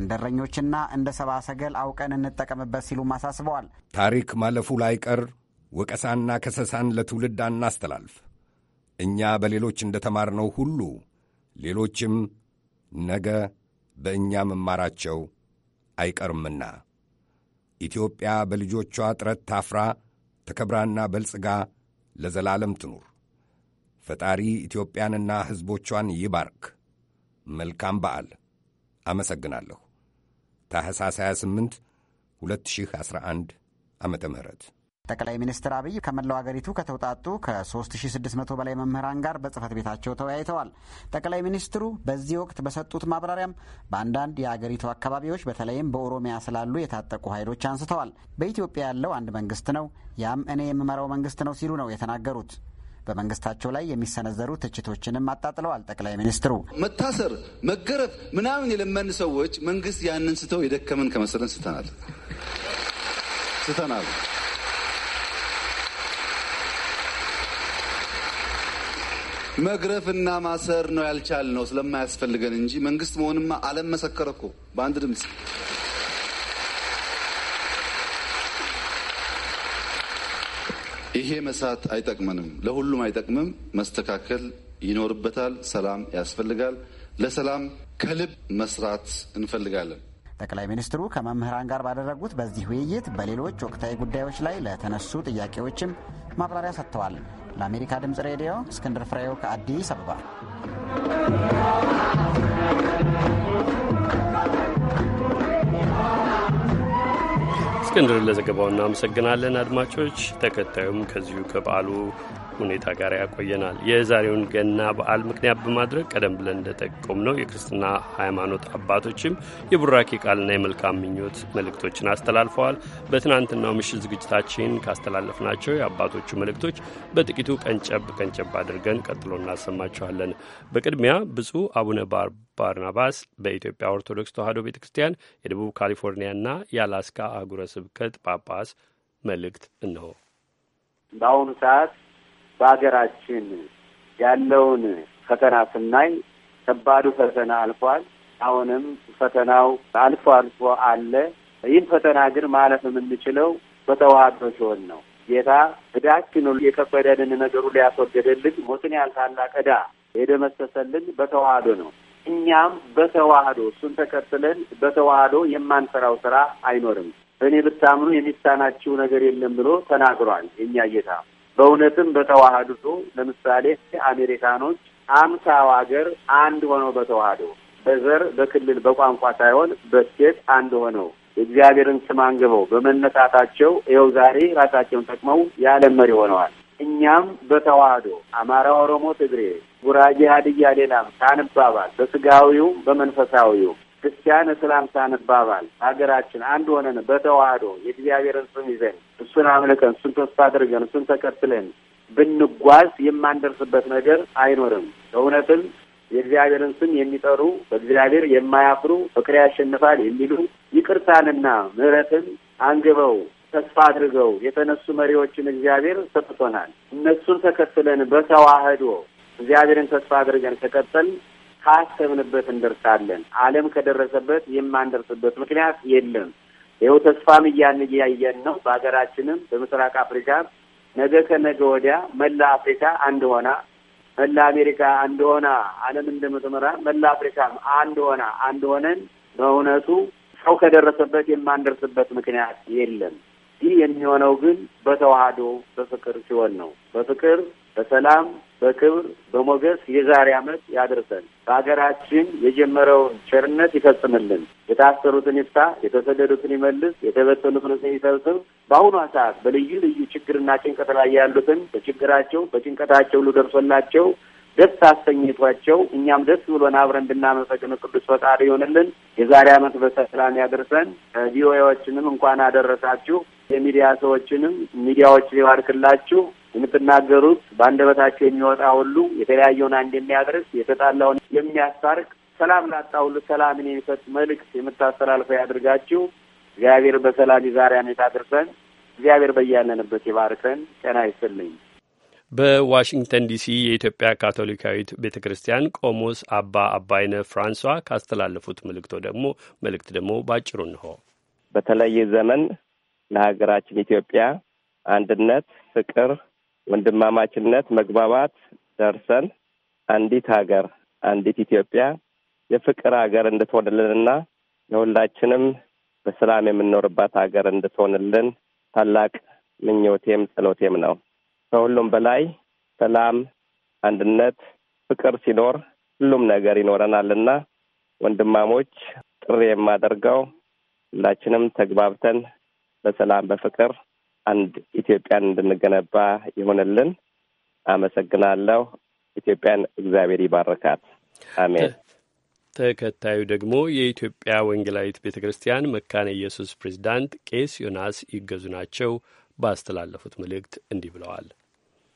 እንደ እረኞችና እንደ ሰብአ ሰገል አውቀን እንጠቀምበት ሲሉም አሳስበዋል። ታሪክ ማለፉ ላይቀር ወቀሳና ከሰሳን ለትውልድ አናስተላልፍ። እኛ በሌሎች እንደ ተማርነው ሁሉ ሌሎችም ነገ በእኛ መማራቸው አይቀርምና ኢትዮጵያ በልጆቿ ጥረት ታፍራ ተከብራና በልጽጋ ለዘላለም ትኑር። ፈጣሪ ኢትዮጵያንና ሕዝቦቿን ይባርክ። መልካም በዓል። አመሰግናለሁ። ታህሳስ 28 2011 ዓመተ ምህረት ጠቅላይ ሚኒስትር አብይ ከመላው አገሪቱ ከተውጣጡ ከ3600 በላይ መምህራን ጋር በጽህፈት ቤታቸው ተወያይተዋል። ጠቅላይ ሚኒስትሩ በዚህ ወቅት በሰጡት ማብራሪያም በአንዳንድ የአገሪቱ አካባቢዎች በተለይም በኦሮሚያ ስላሉ የታጠቁ ኃይሎች አንስተዋል። በኢትዮጵያ ያለው አንድ መንግስት ነው፣ ያም እኔ የምመራው መንግስት ነው ሲሉ ነው የተናገሩት። በመንግስታቸው ላይ የሚሰነዘሩ ትችቶችንም አጣጥለዋል። ጠቅላይ ሚኒስትሩ መታሰር፣ መገረፍ ምናምን የለመን ሰዎች መንግስት ያንን ስተው የደከመን ከመሰለን ስተናል ስተናል መግረፍ እና ማሰር ነው ያልቻልነው ስለማያስፈልገን እንጂ መንግስት መሆንማ ዓለም መሰከረ እኮ በአንድ ድምፅ። ይሄ መስራት አይጠቅመንም፣ ለሁሉም አይጠቅምም። መስተካከል ይኖርበታል። ሰላም ያስፈልጋል። ለሰላም ከልብ መስራት እንፈልጋለን። ጠቅላይ ሚኒስትሩ ከመምህራን ጋር ባደረጉት በዚህ ውይይት በሌሎች ወቅታዊ ጉዳዮች ላይ ለተነሱ ጥያቄዎችም ማብራሪያ ሰጥተዋል። ለአሜሪካ ድምፅ ሬዲዮ እስክንድር ፍሬው ከአዲስ አበባ። እስክንድር ለዘገባው እናመሰግናለን። አድማጮች፣ ተከታዩም ከዚሁ ከበዓሉ ሁኔታ ጋር ያቆየናል። የዛሬውን ገና በዓል ምክንያት በማድረግ ቀደም ብለን እንደጠቆም ነው የክርስትና ሃይማኖት አባቶችም የቡራኬ ቃልና የመልካም ምኞት መልእክቶችን አስተላልፈዋል። በትናንትናው ምሽት ዝግጅታችን ካስተላለፍናቸው የአባቶቹ መልእክቶች በጥቂቱ ቀንጨብ ቀንጨብ አድርገን ቀጥሎ እናሰማችኋለን። በቅድሚያ ብፁዕ አቡነ ባር ባርናባስ በኢትዮጵያ ኦርቶዶክስ ተዋሕዶ ቤተ ክርስቲያን የደቡብ ካሊፎርኒያና የአላስካ አህጉረ ስብከት ጳጳስ መልእክት ነው። በአሁኑ ሰዓት በሀገራችን ያለውን ፈተና ስናይ ከባዱ ፈተና አልፏል። አሁንም ፈተናው አልፎ አልፎ አለ። ይህን ፈተና ግን ማለፍ የምንችለው በተዋህዶ ሲሆን ነው። ጌታ ዕዳችን የከበደንን ነገሩ ሊያስወገደልን ሞትን ያልታላቅ ዕዳ የደመሰሰልን በተዋህዶ ነው። እኛም በተዋህዶ እሱን ተከትለን በተዋህዶ የማንሰራው ስራ አይኖርም። እኔ ብታምኑ የሚሳናችው ነገር የለም ብሎ ተናግሯል የእኛ ጌታ። በእውነትም በተዋህዶ ለምሳሌ አሜሪካኖች አምሳው ሀገር አንድ ሆነው በተዋህዶ በዘር በክልል በቋንቋ ሳይሆን በስቴት አንድ ሆነው የእግዚአብሔርን ስም አንግበው በመነሳታቸው ይኸው ዛሬ ራሳቸውን ጠቅመው የዓለም መሪ ሆነዋል። እኛም በተዋህዶ አማራ፣ ኦሮሞ፣ ትግሬ፣ ጉራጌ፣ ሀድያ ሌላም ሳንባባል በስጋዊውም በመንፈሳዊውም ክርስቲያን እስላም ሳንባባል ሀገራችን አንድ ሆነን በተዋህዶ የእግዚአብሔርን ስም ይዘን እሱን አምልከን እሱን ተስፋ አድርገን እሱን ተከትለን ብንጓዝ የማንደርስበት ነገር አይኖርም። እውነትም የእግዚአብሔርን ስም የሚጠሩ በእግዚአብሔር የማያፍሩ ፍቅር ያሸንፋል የሚሉ ይቅርታንና ምሕረትን አንግበው ተስፋ አድርገው የተነሱ መሪዎችን እግዚአብሔር ሰጥቶናል። እነሱን ተከትለን በተዋህዶ እግዚአብሔርን ተስፋ አድርገን ከቀጠል ካሰብንበት እንደርሳለን። ዓለም ከደረሰበት የማንደርስበት ምክንያት የለም። ይኸው ተስፋም እያየን ነው። በሀገራችንም በምስራቅ አፍሪካ ነገ ከነገ ወዲያ መላ አፍሪካ አንድ ሆና፣ መላ አሜሪካ አንድ ሆና ዓለም እንደምትመራ መላ አፍሪካም አንድ ሆና አንድ ሆነን በእውነቱ ሰው ከደረሰበት የማንደርስበት ምክንያት የለም። ይህ የሚሆነው ግን በተዋህዶ በፍቅር ሲሆን ነው። በፍቅር በሰላም በክብር በሞገስ የዛሬ ዓመት ያድርሰን። በሀገራችን የጀመረውን ቸርነት ይፈጽምልን። የታሰሩትን ይፍታ፣ የተሰደዱትን ይመልስ፣ የተበተኑትን ይሰብስብ። በአሁኗ ሰዓት በልዩ ልዩ ችግርና ጭንቀት ላይ ያሉትን በችግራቸው በጭንቀታቸው ሁሉ ደርሶላቸው ደስ አሰኝቷቸው እኛም ደስ ብሎን አብረን እንድናመሰግን ቅዱስ ፈቃድ ይሆንልን። የዛሬ ዓመት በሰላም ያደርሰን። ቪኦኤዎችንም እንኳን አደረሳችሁ። የሚዲያ ሰዎችንም ሚዲያዎች ሊባርክላችሁ። የምትናገሩት በአንደበታቸው የሚወጣ ሁሉ የተለያየውን አንድ የሚያደርስ የተጣላውን የሚያስታርቅ ሰላም ላጣ ሁሉ ሰላምን የሚሰጥ መልእክት የምታስተላልፈ ያድርጋችሁ። እግዚአብሔር በሰላም የዛሬ ዓመት አድርሰን እግዚአብሔር በያለንበት ይባርከን። ጤና ይስጥልኝ። በዋሽንግተን ዲሲ የኢትዮጵያ ካቶሊካዊት ቤተ ክርስቲያን ቆሞስ አባ አባይነ ፍራንሷ ካስተላለፉት መልእክቶ ደግሞ መልእክት ደግሞ ባጭሩ እንሆ በተለየ ዘመን ለሀገራችን ኢትዮጵያ አንድነት፣ ፍቅር ወንድማማችነት፣ መግባባት ደርሰን አንዲት ሀገር አንዲት ኢትዮጵያ የፍቅር ሀገር እንድትሆንልንና የሁላችንም በሰላም የምንኖርባት ሀገር እንድትሆንልን ታላቅ ምኞቴም ጸሎቴም ነው። ከሁሉም በላይ ሰላም፣ አንድነት፣ ፍቅር ሲኖር ሁሉም ነገር ይኖረናልና ወንድማሞች ጥሪ የማደርገው ሁላችንም ተግባብተን በሰላም በፍቅር አንድ ኢትዮጵያን እንድንገነባ ይሆንልን። አመሰግናለሁ። ኢትዮጵያን እግዚአብሔር ይባርካት። አሜን። ተከታዩ ደግሞ የኢትዮጵያ ወንጌላዊት ቤተ ክርስቲያን መካነ ኢየሱስ ፕሬዚዳንት ቄስ ዮናስ ይገዙ ናቸው። ባስተላለፉት መልእክት እንዲህ ብለዋል።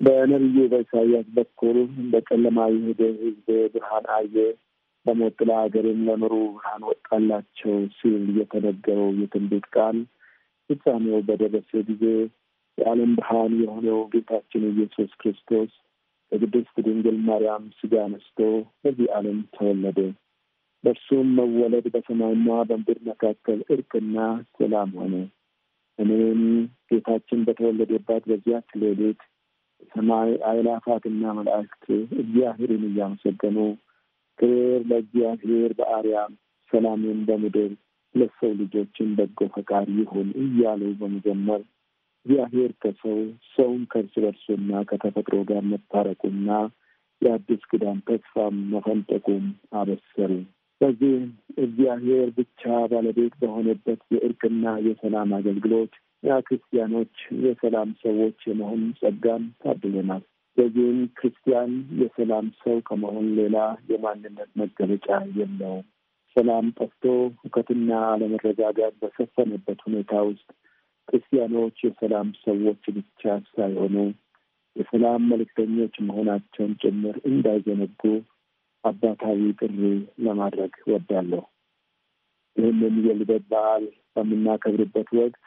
በነቢዩ በኢሳያስ በኩል በጨለማ የሄደ ሕዝብ ብርሃን አየ፣ በሞት ጥላ አገርም ለኖሩ ብርሃን ወጣላቸው ሲል የተነገረው የትንቢት ቃል ፍጻሜው በደረሰ ጊዜ የዓለም ብርሃን የሆነው ጌታችን ኢየሱስ ክርስቶስ በቅድስት ድንግል ማርያም ስጋ ነስቶ በዚህ ዓለም ተወለደ። በእርሱም መወለድ በሰማይና በምድር መካከል እርቅና ሰላም ሆነ። እኔም ጌታችን በተወለደባት በዚያች ሌሊት ሰማይ አእላፋትና መላእክት እግዚአብሔርን እያመሰገኑ ክብር ለእግዚአብሔር በአርያም ሰላምን በምድር ለሰው ልጆችን በጎ ፈቃድ ይሁን እያሉ በመጀመር እግዚአብሔር ከሰው ሰውን ከእርስ በርሱና ከተፈጥሮ ጋር መታረቁና የአዲስ ኪዳን ተስፋም መፈንጠቁም አበሰሩ። በዚህ እግዚአብሔር ብቻ ባለቤት በሆነበት የእርቅና የሰላም አገልግሎት ያ ክርስቲያኖች የሰላም ሰዎች የመሆን ጸጋን ታድለናል። በዚህም ክርስቲያን የሰላም ሰው ከመሆን ሌላ የማንነት መገለጫ የለውም። ሰላም ጠፍቶ ሁከትና አለመረጋጋት በሰፈነበት ሁኔታ ውስጥ ክርስቲያኖች የሰላም ሰዎች ብቻ ሳይሆኑ የሰላም መልእክተኞች መሆናቸውን ጭምር እንዳይዘነጉ አባታዊ ጥሪ ለማድረግ ወዳለሁ። ይህንን የልደት በዓል በምናከብርበት ወቅት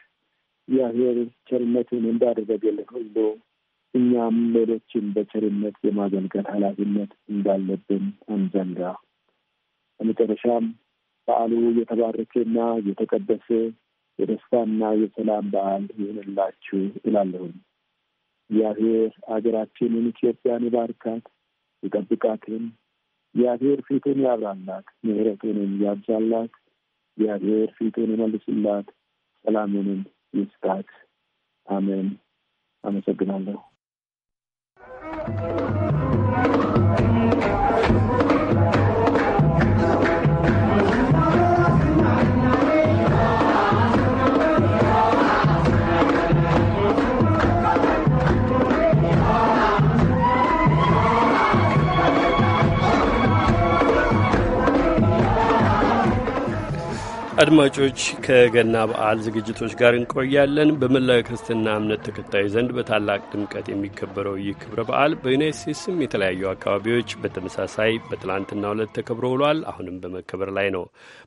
እግዚአብሔር ቸርነትን እንዳደረገልን ሁሉ እኛም ሌሎችን በቸርነት የማገልገል ኃላፊነት እንዳለብን አንዘንጋ። በመጨረሻም በዓሉ የተባረከና የተቀደሰ የደስታና የሰላም በዓል ይሁንላችሁ እላለሁም። እግዚአብሔር አገራችንን ኢትዮጵያን ይባርካት ይጠብቃትን። እግዚአብሔር ፊቱን ያብራላት ምሕረቱንም ያብዛላት። እግዚአብሔር ፊቱን ይመልስላት ሰላምንም ይስጣት። አሜን። አመሰግናለሁ። አድማጮች ከገና በዓል ዝግጅቶች ጋር እንቆያለን። በመላው የክርስትና እምነት ተከታይ ዘንድ በታላቅ ድምቀት የሚከበረው ይህ ክብረ በዓል በዩናይት ስቴትስም የተለያዩ አካባቢዎች በተመሳሳይ በትላንትና ዕለት ተከብሮ ውሏል። አሁንም በመከበር ላይ ነው።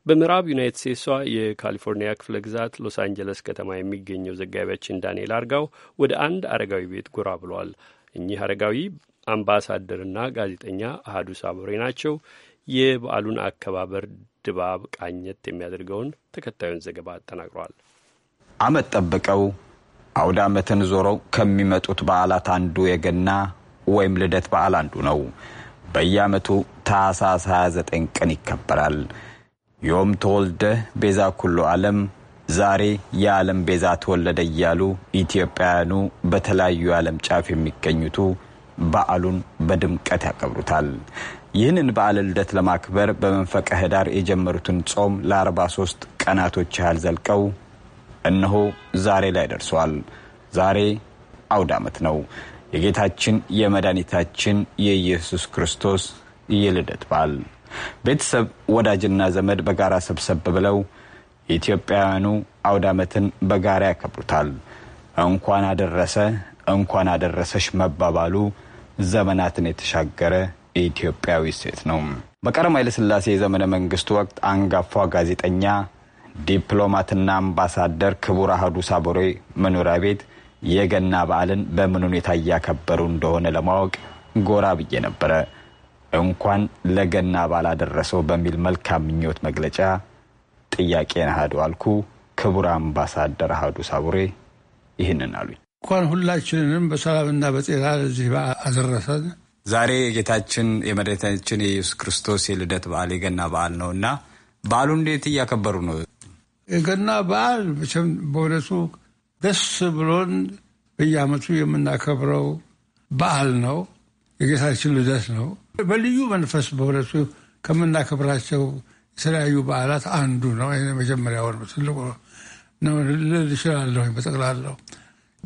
በምዕራብ ዩናይት ስቴትሷ የካሊፎርኒያ ክፍለ ግዛት ሎስ አንጀለስ ከተማ የሚገኘው ዘጋቢያችን ዳንኤል አርጋው ወደ አንድ አረጋዊ ቤት ጎራ ብሏል። እኚህ አረጋዊ አምባሳደርና ጋዜጠኛ አህዱ ሳቦሬ ናቸው። የበዓሉን አከባበር ድባብ ቃኘት የሚያደርገውን ተከታዩን ዘገባ አጠናቅሯል። አመት ጠብቀው አውደ አመትን ዞረው ከሚመጡት በዓላት አንዱ የገና ወይም ልደት በዓል አንዱ ነው። በየአመቱ ታህሳስ 29 ቀን ይከበራል። ዮም ተወልደ ቤዛ ኩሉ ዓለም ዛሬ የዓለም ቤዛ ተወለደ እያሉ ኢትዮጵያውያኑ በተለያዩ የዓለም ጫፍ የሚገኙቱ በዓሉን በድምቀት ያከብሩታል። ይህንን በዓለ ልደት ለማክበር በመንፈቀ ህዳር የጀመሩትን ጾም ለ43 ቀናቶች ያህል ዘልቀው እነሆ ዛሬ ላይ ደርሰዋል። ዛሬ አውድ ዓመት ነው። የጌታችን የመድኃኒታችን የኢየሱስ ክርስቶስ የልደት በዓል ቤተሰብ፣ ወዳጅና ዘመድ በጋራ ሰብሰብ ብለው የኢትዮጵያውያኑ አውድ ዓመትን በጋራ ያከብሩታል። እንኳን አደረሰ እንኳን አደረሰሽ መባባሉ ዘመናትን የተሻገረ ኢትዮጵያዊ ሴት ነው። በቀረም ኃይለስላሴ የዘመነ መንግስቱ ወቅት አንጋፏ ጋዜጠኛ ዲፕሎማትና አምባሳደር ክቡር አህዱ ሳቦሬ መኖሪያ ቤት የገና በዓልን በምን ሁኔታ እያከበሩ እንደሆነ ለማወቅ ጎራ ብዬ ነበረ። እንኳን ለገና በዓል አደረሰው በሚል መልካም ምኞት መግለጫ ጥያቄን አህዱ አልኩ። ክቡር አምባሳደር አህዱ ሳቡሬ ይህንን አሉኝ። እንኳን ሁላችንንም በሰላምና በጤና ለዚህ በዓል አደረሰን። ዛሬ የጌታችን የመድኃኒታችን የኢየሱስ ክርስቶስ የልደት በዓል የገና በዓል ነው እና በዓሉ እንዴት እያከበሩ ነው? የገና በዓል መቼም በእውነቱ ደስ ብሎን በየዓመቱ የምናከብረው በዓል ነው። የጌታችን ልደት ነው። በልዩ መንፈስ በእውነቱ ከምናከብራቸው የተለያዩ በዓላት አንዱ ነው። መጀመሪያ ወር ትልቁ ነው ልል እችላለሁ። በጠቅላላው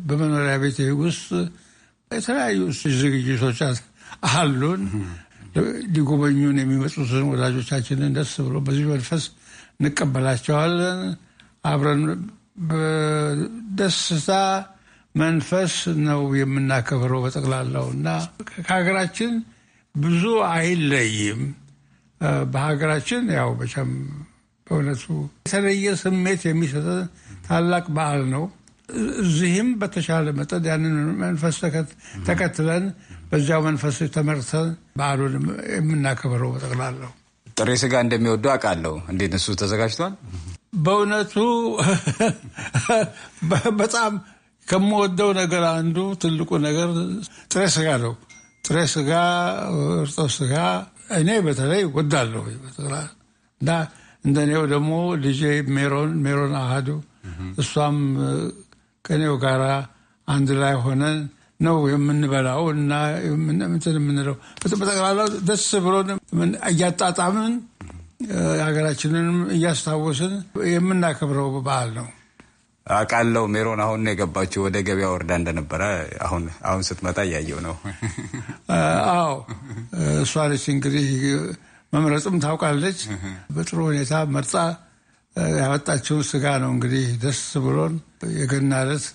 በመኖሪያ ቤት ውስጥ የተለያዩ ዝግጅቶች አሉን። ሊጎበኙን የሚመጡትን ወዳጆቻችንን ደስ ብሎ በዚህ መንፈስ እንቀበላቸዋለን። አብረን በደስታ መንፈስ ነው የምናከብረው በጠቅላላው እና ከሀገራችን ብዙ አይለይም። በሀገራችን ያው መቼም በእውነቱ የተለየ ስሜት የሚሰጥ ታላቅ በዓል ነው። እዚህም በተሻለ መጠን ያንን መንፈስ ተከትለን በዚያው መንፈስ ተመርተን በዓሉን የምናከብረው ጠቅላለሁ። ጥሬ ስጋ እንደሚወዱ አውቃለሁ። እንዴት እሱ ተዘጋጅቷል? በእውነቱ በጣም ከምወደው ነገር አንዱ ትልቁ ነገር ጥሬ ስጋ ነው። ጥሬ ስጋ፣ እርጦ ስጋ እኔ በተለይ ወዳለሁ እና እንደኔው ደግሞ ልጄ ሜሮን ሜሮን አህዱ እሷም ከኔው ጋራ አንድ ላይ ሆነን ነው የምንበላው እና እንትን የምንለው በጠቅላላው ደስ ብሎን እያጣጣምን ሀገራችንንም እያስታወስን የምናከብረው በዓል ነው። አቃለው ሜሮን አሁን የገባችው ወደ ገበያ ወርዳ እንደነበረ አሁን አሁን ስትመጣ እያየው ነው። አዎ እሷ እንግዲህ መምረጥም ታውቃለች። በጥሩ ሁኔታ መርጣ ያወጣችው ስጋ ነው እንግዲህ ደስ ብሎን የገና ዕለት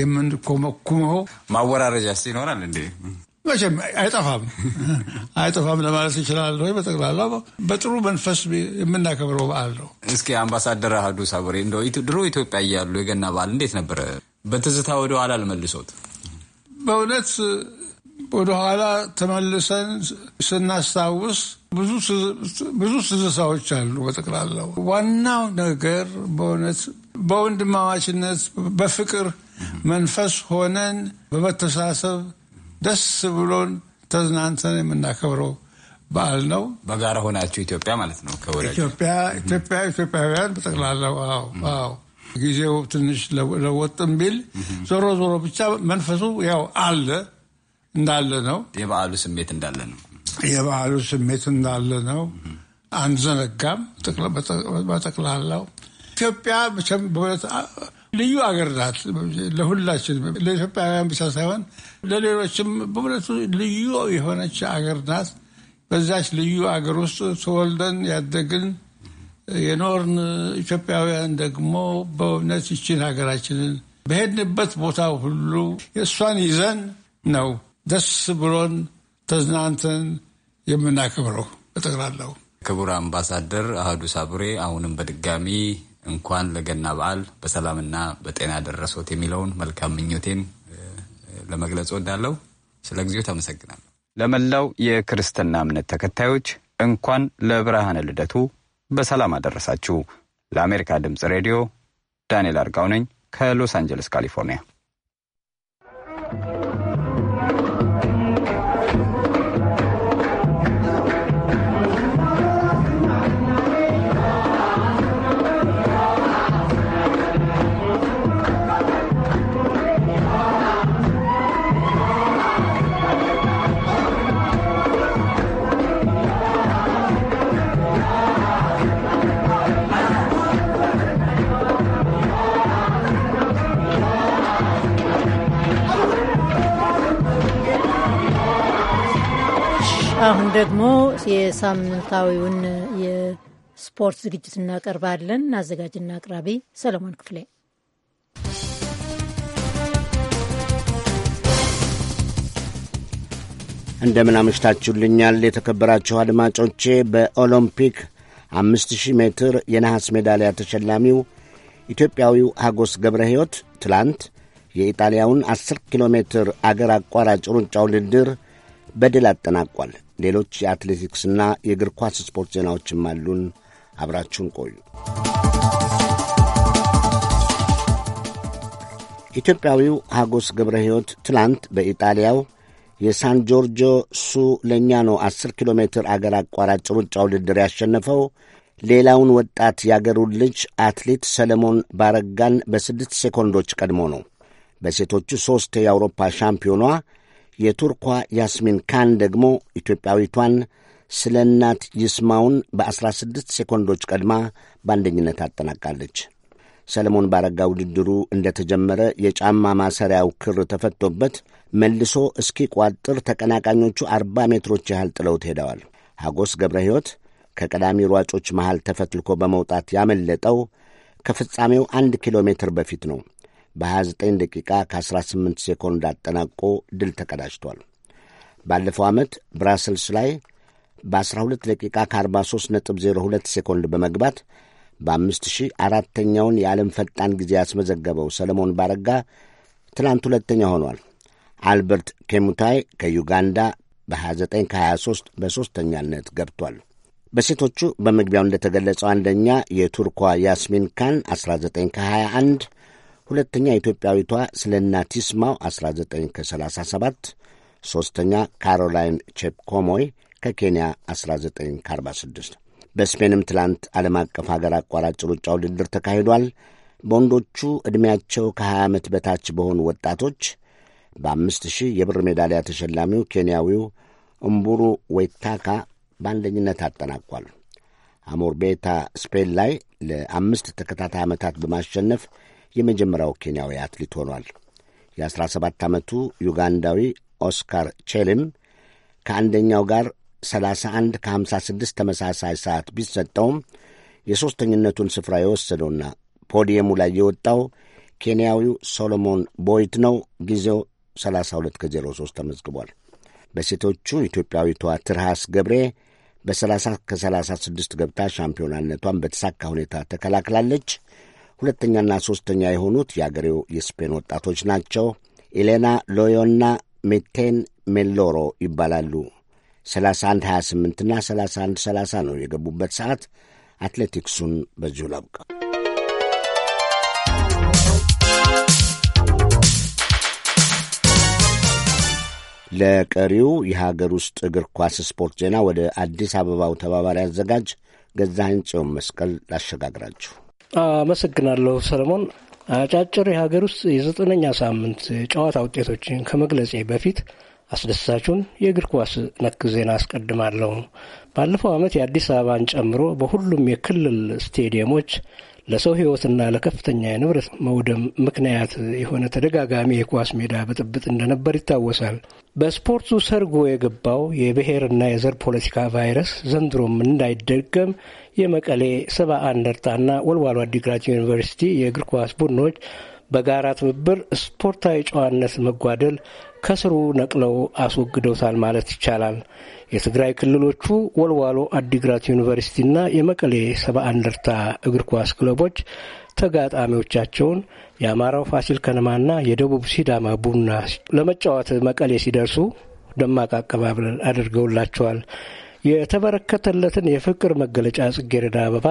የምንኮመኩመው። ማወራረጃ ይኖራል እንዴ? መቼም አይጠፋም አይጠፋም ለማለት ይችላል። በጠቅላላ በጥሩ መንፈስ የምናከብረው በዓል ነው። እስኪ አምባሳደር አህዱ ሳቡሬ እንደ ድሮ ኢትዮጵያ እያሉ የገና በዓል እንዴት ነበረ? በትዝታ ወደ ኋላ ልመልሶት። በእውነት ወደኋላ ተመልሰን ስናስታውስ ብዙ ትዝታዎች አሉ። በጠቅላላው ዋናው ነገር በእውነት በወንድማማችነት በፍቅር መንፈስ ሆነን በመተሳሰብ ደስ ብሎን ተዝናንተን የምናከብረው በዓል ነው። በጋራ ሆናችሁ ኢትዮጵያ ማለት ነው። ኢትዮጵያ ኢትዮጵያውያን በጠቅላላው ው ጊዜው ትንሽ ለወጥም ቢል ዞሮ ዞሮ ብቻ መንፈሱ ያው አለ እንዳለ ነው። የበዓሉ ስሜት እንዳለ ነው። የበዓሉ ስሜት እንዳለ ነው። አንዘነጋም። በጠቅላላው ኢትዮጵያ ልዩ አገር ናት። ለሁላችን ለኢትዮጵያውያን ብቻ ሳይሆን ለሌሎችም በእውነቱ ልዩ የሆነች አገር ናት። በዛች ልዩ አገር ውስጥ ተወልደን ያደግን የኖርን ኢትዮጵያውያን ደግሞ በእውነት ይችን ሀገራችንን በሄድንበት ቦታ ሁሉ የእሷን ይዘን ነው ደስ ብሎን ተዝናንተን የምናከብረው። በጠቅላላው ክቡር አምባሳደር አህዱ ሳቡሬ አሁንም በድጋሚ እንኳን ለገና በዓል በሰላምና በጤና ደረሶት የሚለውን መልካም ምኞቴን ለመግለጽ ወዳለው ስለ ጊዜው ታመሰግናለሁ። ለመላው የክርስትና እምነት ተከታዮች እንኳን ለብርሃነ ልደቱ በሰላም አደረሳችሁ። ለአሜሪካ ድምፅ ሬዲዮ ዳንኤል አርጋው ነኝ ከሎስ አንጀለስ ካሊፎርኒያ። ደግሞ የሳምንታዊውን የስፖርት ዝግጅት እናቀርባለን። አዘጋጅና አቅራቢ ሰለሞን ክፍሌ። እንደምን አመሽታችሁልኛል የተከበራችሁ አድማጮቼ። በኦሎምፒክ 5000 ሜትር የነሐስ ሜዳሊያ ተሸላሚው ኢትዮጵያዊው ሐጎስ ገብረ ሕይወት ትላንት የኢጣሊያውን 10 ኪሎ ሜትር አገር አቋራጭ ሩጫ ውድድር በድል አጠናቋል። ሌሎች የአትሌቲክስና የእግር ኳስ ስፖርት ዜናዎችም አሉን። አብራችሁን ቆዩ። ኢትዮጵያዊው ሐጎስ ገብረ ሕይወት ትላንት በኢጣሊያው የሳን ጆርጆ ሱ ለኛኖ 10 ኪሎ ሜትር አገር አቋራጭ ሩጫ ውድድር ያሸነፈው ሌላውን ወጣት ያገሩን ልጅ አትሌት ሰለሞን ባረጋን በስድስት ሴኮንዶች ቀድሞ ነው። በሴቶቹ ሦስት የአውሮፓ ሻምፒዮኗ የቱርኳ ያስሚን ካን ደግሞ ኢትዮጵያዊቷን ስለ እናት ይስማውን በ16 ሴኮንዶች ቀድማ በአንደኝነት አጠናቃለች። ሰለሞን ባረጋ ውድድሩ እንደተጀመረ የጫማ ማሰሪያው ክር ተፈቶበት መልሶ እስኪ ቋጥር ተቀናቃኞቹ 40 ሜትሮች ያህል ጥለውት ሄደዋል። ሐጎስ ገብረ ሕይወት ከቀዳሚ ሯጮች መሃል ተፈትልኮ በመውጣት ያመለጠው ከፍጻሜው አንድ ኪሎ ሜትር በፊት ነው። በ29 ደቂቃ ከ18 ሴኮንድ አጠናቆ ድል ተቀዳጅቷል። ባለፈው ዓመት ብራስልስ ላይ በ12 ደቂቃ ከ43.02 ሴኮንድ በመግባት በአምስት ሺህ አራተኛውን የዓለም ፈጣን ጊዜ ያስመዘገበው ሰለሞን ባረጋ ትናንት ሁለተኛ ሆኗል። አልበርት ኬሙታይ ከዩጋንዳ በ29 ከ23 በሦስተኛነት ገብቷል። በሴቶቹ በመግቢያው እንደተገለጸው አንደኛ የቱርኳ ያስሚን ካን 19 ከ21 ሁለተኛ ኢትዮጵያዊቷ ስለና ቲስማው 19 ከ37፣ ሦስተኛ ካሮላይን ቼፕኮሞይ ከኬንያ 19 ከ46። በስፔንም ትላንት ዓለም አቀፍ ሀገር አቋራጭ ሩጫ ውድድር ተካሂዷል። በወንዶቹ ዕድሜያቸው ከ20 ዓመት በታች በሆኑ ወጣቶች በአምስት ሺህ የብር ሜዳሊያ ተሸላሚው ኬንያዊው እምቡሩ ወይታካ በአንደኝነት አጠናቋል። አሞርቤታ ስፔን ላይ ለአምስት ተከታታይ ዓመታት በማሸነፍ የመጀመሪያው ኬንያዊ አትሌት ሆኗል። የ17 ዓመቱ ዩጋንዳዊ ኦስካር ቼልም ከአንደኛው ጋር 31 ከ56 ተመሳሳይ ሰዓት ቢሰጠውም የሦስተኝነቱን ስፍራ የወሰደውና ፖዲየሙ ላይ የወጣው ኬንያዊው ሶሎሞን ቦይት ነው። ጊዜው 32 ከ03 ተመዝግቧል። በሴቶቹ ኢትዮጵያዊቷ ትርሃስ ገብሬ በ30 ከ36 ገብታ ሻምፒዮናነቷን በተሳካ ሁኔታ ተከላክላለች። ሁለተኛና ሦስተኛ የሆኑት የአገሬው የስፔን ወጣቶች ናቸው። ኤሌና ሎዮና ሜቴን ሜሎሮ ይባላሉ። 3128 ና 3130 ነው የገቡበት ሰዓት። አትሌቲክሱን በዚሁ ላብቃ። ለቀሪው የሀገር ውስጥ እግር ኳስ ስፖርት ዜና ወደ አዲስ አበባው ተባባሪ አዘጋጅ ገዛኸኝ ጽዮን መስቀል ላሸጋግራችሁ። አመሰግናለሁ ሰለሞን። አጫጭር የሀገር ውስጥ የዘጠነኛ ሳምንት ጨዋታ ውጤቶችን ከመግለጼ በፊት አስደሳቹን የእግር ኳስ ነክ ዜና አስቀድማለሁ። ባለፈው ዓመት የአዲስ አበባን ጨምሮ በሁሉም የክልል ስቴዲየሞች ለሰው ህይወትና ለከፍተኛ የንብረት መውደም ምክንያት የሆነ ተደጋጋሚ የኳስ ሜዳ ብጥብጥ እንደነበር ይታወሳል። በስፖርቱ ሰርጎ የገባው የብሔርና የዘር ፖለቲካ ቫይረስ ዘንድሮም እንዳይደገም የመቀሌ ሰብአ እንደርታና ወልዋሎ አዲግራት ዩኒቨርሲቲ የእግር ኳስ ቡድኖች በጋራ ትብብር ስፖርታዊ ጨዋነት መጓደል ከስሩ ነቅለው አስወግደውታል ማለት ይቻላል። የትግራይ ክልሎቹ ወልዋሎ አዲግራት ዩኒቨርሲቲና የመቀሌ ሰባ አንደርታ እግር ኳስ ክለቦች ተጋጣሚዎቻቸውን የአማራው ፋሲል ከነማና የደቡብ ሲዳማ ቡና ለመጫወት መቀሌ ሲደርሱ ደማቅ አቀባበል አድርገውላቸዋል። የተበረከተለትን የፍቅር መገለጫ ጽጌረዳ አበባ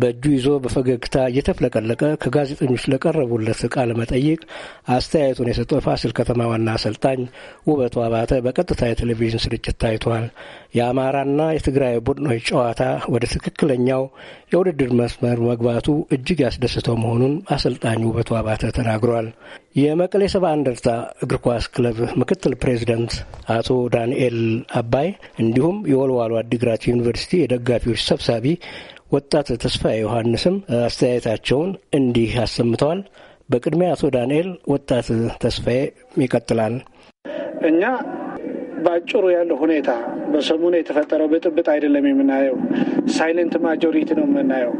በእጁ ይዞ በፈገግታ እየተፍለቀለቀ ከጋዜጠኞች ለቀረቡለት ቃለ መጠይቅ አስተያየቱን የሰጠው የፋሲል ከተማ ዋና አሰልጣኝ ውበቱ አባተ በቀጥታ የቴሌቪዥን ስርጭት ታይቷል። የአማራና የትግራይ ቡድኖች ጨዋታ ወደ ትክክለኛው የውድድር መስመር መግባቱ እጅግ ያስደስተው መሆኑን አሰልጣኝ ውበቱ አባተ ተናግሯል። የመቀሌ ሰባ እንደርታ እግር ኳስ ክለብ ምክትል ፕሬዚደንት አቶ ዳንኤል አባይ እንዲሁም የወልዋሉ አዲግራት ዩኒቨርሲቲ የደጋፊዎች ሰብሳቢ ወጣት ተስፋ ዮሐንስም አስተያየታቸውን እንዲህ አሰምተዋል። በቅድሚያ አቶ ዳንኤል ወጣት ተስፋዬ ይቀጥላል። እኛ በአጭሩ ያለው ሁኔታ በሰሞኑ የተፈጠረው ብጥብጥ አይደለም የምናየው፣ ሳይለንት ማጆሪቲ ነው የምናየው።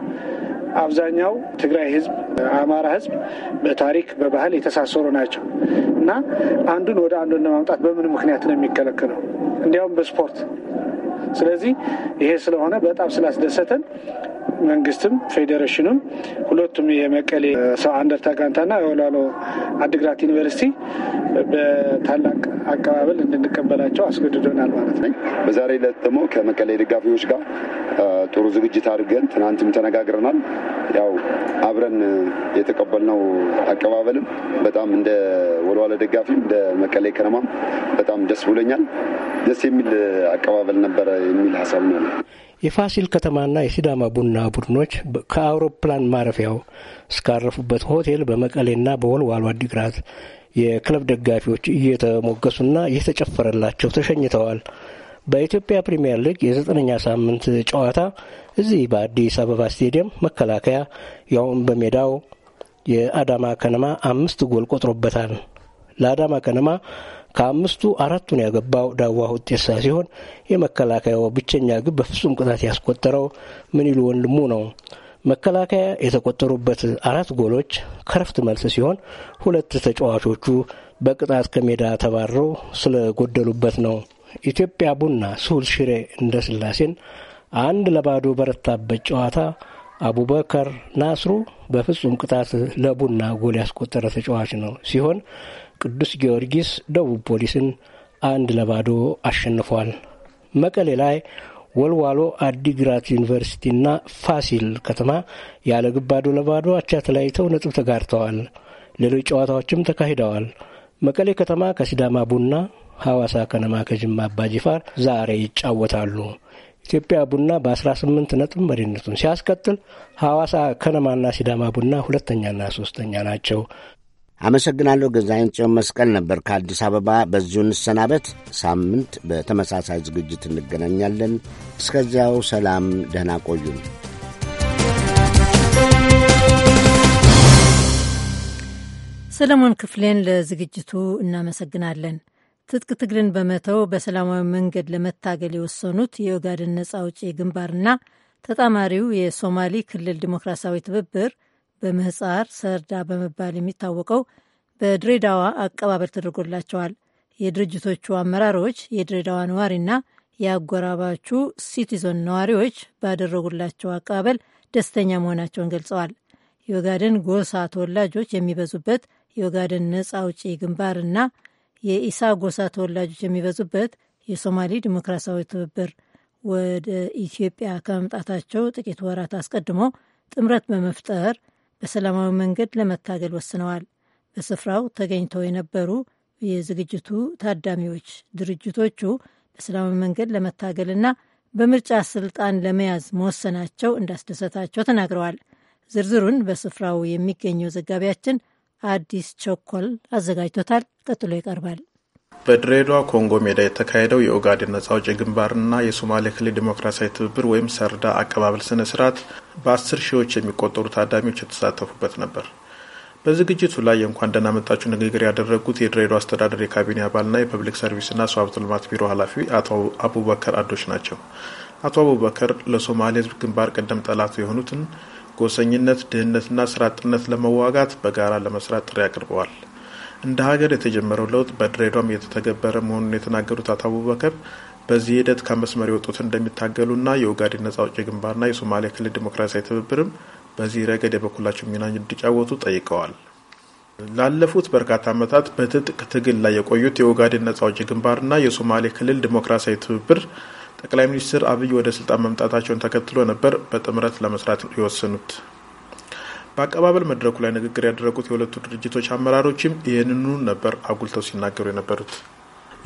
አብዛኛው ትግራይ ህዝብ፣ አማራ ህዝብ በታሪክ በባህል የተሳሰሩ ናቸው እና አንዱን ወደ አንዱን ለማምጣት በምን ምክንያት ነው የሚከለከለው? እንዲያውም በስፖርት ስለዚህ ይሄ ስለሆነ በጣም ስላስደሰተን መንግስትም ፌዴሬሽኑም ሁለቱም የመቀሌ ሰው እንደርታ ጋንታና የወላሎ አድግራት ዩኒቨርሲቲ በታላቅ አቀባበል እንድንቀበላቸው አስገድዶናል ማለት ነው። በዛሬ ዕለት ደግሞ ከመቀሌ ደጋፊዎች ጋር ጥሩ ዝግጅት አድርገን ትናንትም ተነጋግረናል። ያው አብረን የተቀበልነው አቀባበልም በጣም እንደ ወልዋሎ ደጋፊም እንደ መቀሌ ከነማም በጣም ደስ ብሎኛል። ደስ የሚል አቀባበል ነበረ የሚል ሀሳብ ነው የፋሲል ከተማና የሲዳማ ቡና ቡድኖች ከአውሮፕላን ማረፊያው እስካረፉበት ሆቴል በመቀሌና በወልዋሉ አዲግራት የክለብ ደጋፊዎች እየተሞገሱና እየተጨፈረላቸው ተሸኝተዋል። በኢትዮጵያ ፕሪምየር ሊግ የዘጠነኛ ሳምንት ጨዋታ እዚህ በአዲስ አበባ ስቴዲየም መከላከያ ያውም በሜዳው የአዳማ ከነማ አምስት ጎል ቆጥሮበታል። ለአዳማ ከነማ ከአምስቱ አራቱን ያገባው ዳዋ ሁጤሳ ሲሆን የመከላከያው ብቸኛ ግብ በፍጹም ቅጣት ያስቆጠረው ምንይሉ ወንድሙ ነው። መከላከያ የተቆጠሩበት አራት ጎሎች ከረፍት መልስ ሲሆን ሁለት ተጫዋቾቹ በቅጣት ከሜዳ ተባረው ስለጎደሉበት ነው። ኢትዮጵያ ቡና ስሁል ሽሬ እንደ ስላሴን አንድ ለባዶ በረታበት ጨዋታ አቡበከር ናስሩ በፍጹም ቅጣት ለቡና ጎል ያስቆጠረ ተጫዋች ነው ሲሆን ቅዱስ ጊዮርጊስ ደቡብ ፖሊስን አንድ ለባዶ አሸንፏል። መቀሌ ላይ ወልዋሎ አዲግራት ዩኒቨርሲቲና ፋሲል ከተማ ያለ ግብ ባዶ ለባዶ አቻ ተለያይተው ነጥብ ተጋርተዋል። ሌሎች ጨዋታዎችም ተካሂደዋል። መቀሌ ከተማ ከሲዳማ ቡና፣ ሐዋሳ ከነማ ከጅማ አባጂፋር ዛሬ ይጫወታሉ። ኢትዮጵያ ቡና በ18 ነጥብ መሪነቱን ሲያስቀጥል ሐዋሳ ከነማና ሲዳማ ቡና ሁለተኛና ሶስተኛ ናቸው። አመሰግናለሁ። ገዛይን ጽዮን መስቀል ነበር ከአዲስ አበባ። በዚሁ እንሰናበት። ሳምንት በተመሳሳይ ዝግጅት እንገናኛለን። እስከዚያው ሰላም፣ ደህና ቆዩን። ሰለሞን ክፍሌን ለዝግጅቱ እናመሰግናለን። ትጥቅ ትግልን በመተው በሰላማዊ መንገድ ለመታገል የወሰኑት የኦጋድን ነጻ አውጪ ግንባርና ተጣማሪው የሶማሌ ክልል ዲሞክራሲያዊ ትብብር በምህፃር ሰርዳ በመባል የሚታወቀው በድሬዳዋ አቀባበል ተደርጎላቸዋል። የድርጅቶቹ አመራሮች፣ የድሬዳዋ ነዋሪና የአጎራባቹ ሲቲዞን ነዋሪዎች ባደረጉላቸው አቀባበል ደስተኛ መሆናቸውን ገልጸዋል። የኦጋደን ጎሳ ተወላጆች የሚበዙበት የኦጋደን ነጻ አውጪ ግንባርና የኢሳ ጎሳ ተወላጆች የሚበዙበት የሶማሌ ዲሞክራሲያዊ ትብብር ወደ ኢትዮጵያ ከመምጣታቸው ጥቂት ወራት አስቀድሞ ጥምረት በመፍጠር በሰላማዊ መንገድ ለመታገል ወስነዋል። በስፍራው ተገኝተው የነበሩ የዝግጅቱ ታዳሚዎች ድርጅቶቹ በሰላማዊ መንገድ ለመታገልና በምርጫ ስልጣን ለመያዝ መወሰናቸው እንዳስደሰታቸው ተናግረዋል። ዝርዝሩን በስፍራው የሚገኘው ዘጋቢያችን አዲስ ቸኮል አዘጋጅቶታል። ቀጥሎ ይቀርባል። በድሬዳዋ ኮንጎ ሜዳ የተካሄደው የኦጋዴን ነጻ አውጪ ግንባርና የሶማሌ ክልል ዲሞክራሲያዊ ትብብር ወይም ሰርዳ አቀባበል ስነ ስርዓት በአስር ሺዎች የሚቆጠሩ ታዳሚዎች የተሳተፉበት ነበር። በዝግጅቱ ላይ የእንኳን ደህና መጣችሁ ንግግር ያደረጉት የድሬዳዋ አስተዳደር የካቢኔ አባልና የፐብሊክ ሰርቪስና ሰው ሀብት ልማት ቢሮ ኃላፊ አቶ አቡበከር አዶች ናቸው። አቶ አቡበከር ለሶማሌ ሕዝብ ግንባር ቀደም ጠላቱ የሆኑትን ጎሰኝነት፣ ድህነትና ስራ አጥነት ለመዋጋት በጋራ ለመስራት ጥሪ አቅርበዋል። እንደ ሀገር የተጀመረው ለውጥ በድሬዳዋም እየተተገበረ መሆኑን የተናገሩት አቶ አቡበከር በዚህ ሂደት ከመስመር የወጡት እንደሚታገሉና የኦጋዴን ነጻ አውጪ ግንባርና የሶማሌ ክልል ዲሞክራሲያዊ ትብብርም በዚህ ረገድ የበኩላቸው ሚና እንዲጫወቱ ጠይቀዋል። ላለፉት በርካታ ዓመታት በትጥቅ ትግል ላይ የቆዩት የኦጋዴን ነጻ አውጪ ግንባርና የሶማሌ ክልል ዲሞክራሲያዊ ትብብር ጠቅላይ ሚኒስትር አብይ ወደ ስልጣን መምጣታቸውን ተከትሎ ነበር በጥምረት ለመስራት የወሰኑት። በአቀባበል መድረኩ ላይ ንግግር ያደረጉት የሁለቱ ድርጅቶች አመራሮችም ይህንኑ ነበር አጉልተው ሲናገሩ የነበሩት።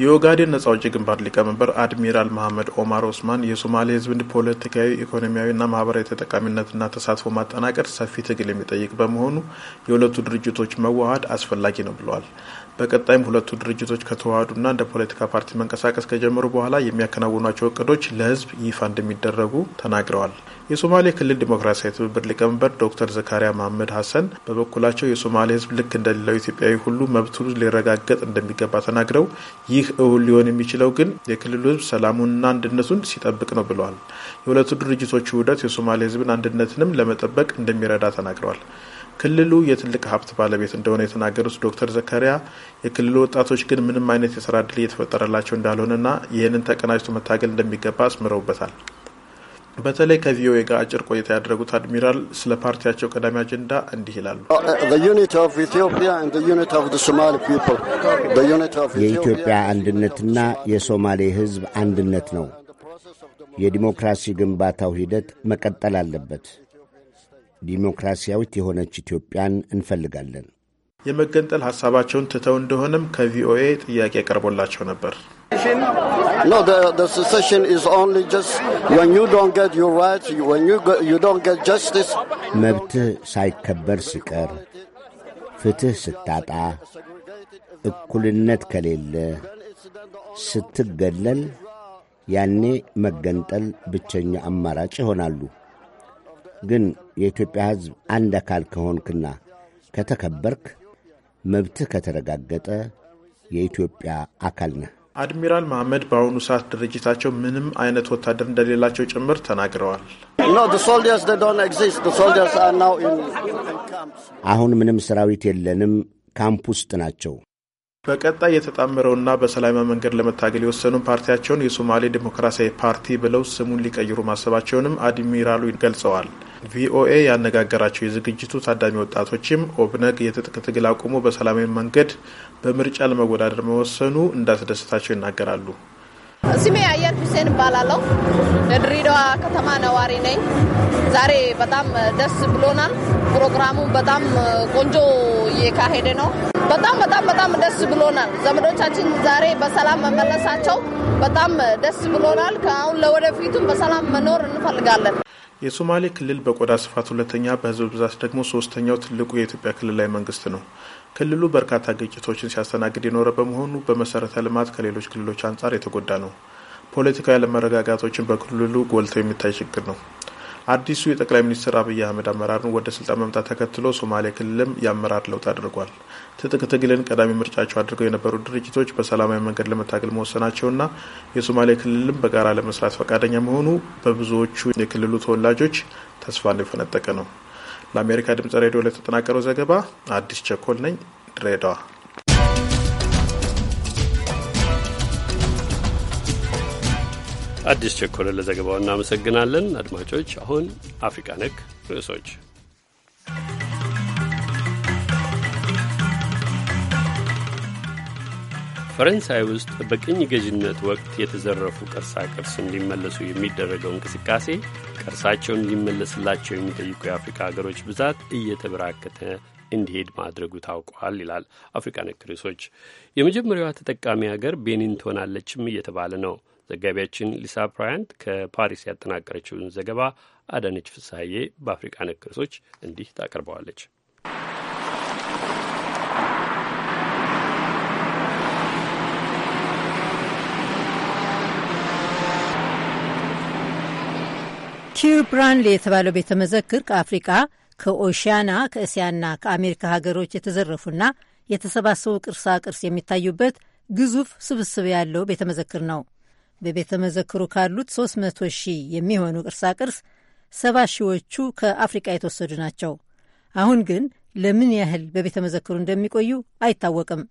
የኦጋዴን ነጻ አውጪ ግንባር ሊቀመንበር አድሚራል መሐመድ ኦማር ኦስማን የሶማሌ ሕዝብን ፖለቲካዊ፣ ኢኮኖሚያዊና ማህበራዊ ተጠቃሚነትና ተሳትፎ ማጠናቀር ሰፊ ትግል የሚጠይቅ በመሆኑ የሁለቱ ድርጅቶች መዋሃድ አስፈላጊ ነው ብለዋል። በቀጣይም ሁለቱ ድርጅቶች ከተዋህዱና እንደ ፖለቲካ ፓርቲ መንቀሳቀስ ከጀመሩ በኋላ የሚያከናውኗቸው እቅዶች ለህዝብ ይፋ እንደሚደረጉ ተናግረዋል። የሶማሌ ክልል ዲሞክራሲያዊ ትብብር ሊቀመንበር ዶክተር ዘካሪያ መሀመድ ሀሰን በበኩላቸው የሶማሌ ህዝብ ልክ እንደሌላው ኢትዮጵያዊ ሁሉ መብቱ ሊረጋገጥ እንደሚገባ ተናግረው ይህ እውን ሊሆን የሚችለው ግን የክልሉ ህዝብ ሰላሙንና አንድነቱን ሲጠብቅ ነው ብለዋል። የሁለቱ ድርጅቶች ውህደት የሶማሌ ህዝብን አንድነትንም ለመጠበቅ እንደሚረዳ ተናግረዋል። ክልሉ የትልቅ ሀብት ባለቤት እንደሆነ የተናገሩት ዶክተር ዘካሪያ የክልሉ ወጣቶች ግን ምንም አይነት የስራ እድል እየተፈጠረላቸው እንዳልሆነና ይህንን ተቀናጅቶ መታገል እንደሚገባ አስምረውበታል። በተለይ ከቪኦኤ ጋር አጭር ቆይታ ያደረጉት አድሚራል ስለ ፓርቲያቸው ቀዳሚ አጀንዳ እንዲህ ይላሉ። uh, uh, የኢትዮጵያ አንድነትና የሶማሌ ሕዝብ አንድነት ነው። የዲሞክራሲ ግንባታው ሂደት መቀጠል አለበት። ዲሞክራሲያዊት የሆነች ኢትዮጵያን እንፈልጋለን። የመገንጠል ሀሳባቸውን ትተው እንደሆነም ከቪኦኤ ጥያቄ ቀርቦላቸው ነበር። መብትህ ሳይከበር ሲቀር፣ ፍትሕ ስታጣ፣ እኩልነት ከሌለ፣ ስትገለል፣ ያኔ መገንጠል ብቸኛ አማራጭ ይሆናሉ ግን የኢትዮጵያ ሕዝብ አንድ አካል ከሆንክና ከተከበርክ መብትህ ከተረጋገጠ የኢትዮጵያ አካል ነህ። አድሚራል መሐመድ በአሁኑ ሰዓት ድርጅታቸው ምንም አይነት ወታደር እንደሌላቸው ጭምር ተናግረዋል። አሁን ምንም ሰራዊት የለንም፣ ካምፕ ውስጥ ናቸው። በቀጣይ የተጣመረውና በሰላማዊ መንገድ ለመታገል የወሰኑ ፓርቲያቸውን የሶማሌ ዴሞክራሲያዊ ፓርቲ ብለው ስሙን ሊቀይሩ ማሰባቸውንም አድሚራሉ ገልጸዋል። ቪኦኤ ያነጋገራቸው የዝግጅቱ ታዳሚ ወጣቶችም ኦብነግ የትጥቅ ትግል አቁሞ በሰላማዊ መንገድ በምርጫ ለመወዳደር መወሰኑ እንዳስደሰታቸው ይናገራሉ። ስሜ አየር ሁሴን እባላለሁ። የድሬዳዋ ከተማ ነዋሪ ነኝ። ዛሬ በጣም ደስ ብሎናል። ፕሮግራሙ በጣም ቆንጆ እየካሄደ ነው። በጣም በጣም በጣም ደስ ብሎናል። ዘመዶቻችን ዛሬ በሰላም መመለሳቸው በጣም ደስ ብሎናል። ከአሁን ለወደፊቱም በሰላም መኖር እንፈልጋለን። የሶማሌ ክልል በቆዳ ስፋት ሁለተኛ፣ በህዝብ ብዛት ደግሞ ሶስተኛው ትልቁ የኢትዮጵያ ክልላዊ መንግስት ነው። ክልሉ በርካታ ግጭቶችን ሲያስተናግድ የኖረ በመሆኑ በመሰረተ ልማት ከሌሎች ክልሎች አንጻር የተጎዳ ነው። ፖለቲካዊ አለመረጋጋቶችን በክልሉ ጎልተው የሚታይ ችግር ነው። አዲሱ የጠቅላይ ሚኒስትር አብይ አህመድ አመራርን ወደ ስልጣን መምጣት ተከትሎ ሶማሌ ክልልም የአመራር ለውጥ አድርጓል። ትጥቅ ትግልን ቀዳሚ ምርጫቸው አድርገው የነበሩ ድርጅቶች በሰላማዊ መንገድ ለመታገል መወሰናቸውና የሶማሌ ክልልም በጋራ ለመስራት ፈቃደኛ መሆኑ በብዙዎቹ የክልሉ ተወላጆች ተስፋ የፈነጠቀ ነው። ለአሜሪካ ድምጽ ሬዲዮ ለተጠናቀረው ዘገባ አዲስ ቸኮል ነኝ ድሬዳዋ አዲስ ቸኮለ ለዘገባው እናመሰግናለን። አድማጮች፣ አሁን አፍሪካ ነክ ርዕሶች ፈረንሳይ ውስጥ በቅኝ ገዥነት ወቅት የተዘረፉ ቅርሳ ቅርስ እንዲመለሱ የሚደረገው እንቅስቃሴ ቅርሳቸውን እንዲመለስላቸው የሚጠይቁ የአፍሪካ ሀገሮች ብዛት እየተበራከተ እንዲሄድ ማድረጉ ታውቋል ይላል አፍሪካ ነክ ርዕሶች። የመጀመሪያዋ ተጠቃሚ ሀገር ቤኒን ትሆናለችም እየተባለ ነው። ዘጋቢያችን ሊሳ ፕራያንት ከፓሪስ ያጠናቀረችውን ዘገባ አዳነች ፍሳሐዬ በአፍሪቃ ነክ ርዕሶች እንዲህ ታቀርበዋለች። ኪር ብራንሌ የተባለው ቤተ መዘክር ከአፍሪቃ ከኦሽያና ከእስያና ከአሜሪካ ሀገሮች የተዘረፉና የተሰባሰቡ ቅርሳ ቅርስ የሚታዩበት ግዙፍ ስብስብ ያለው ቤተ መዘክር ነው። በቤተ መዘክሩ ካሉት 300 ሺህ የሚሆኑ ቅርሳቅርስ ሰባ ሺዎቹ ከአፍሪቃ የተወሰዱ ናቸው። አሁን ግን ለምን ያህል በቤተ መዘክሩ እንደሚቆዩ አይታወቅም።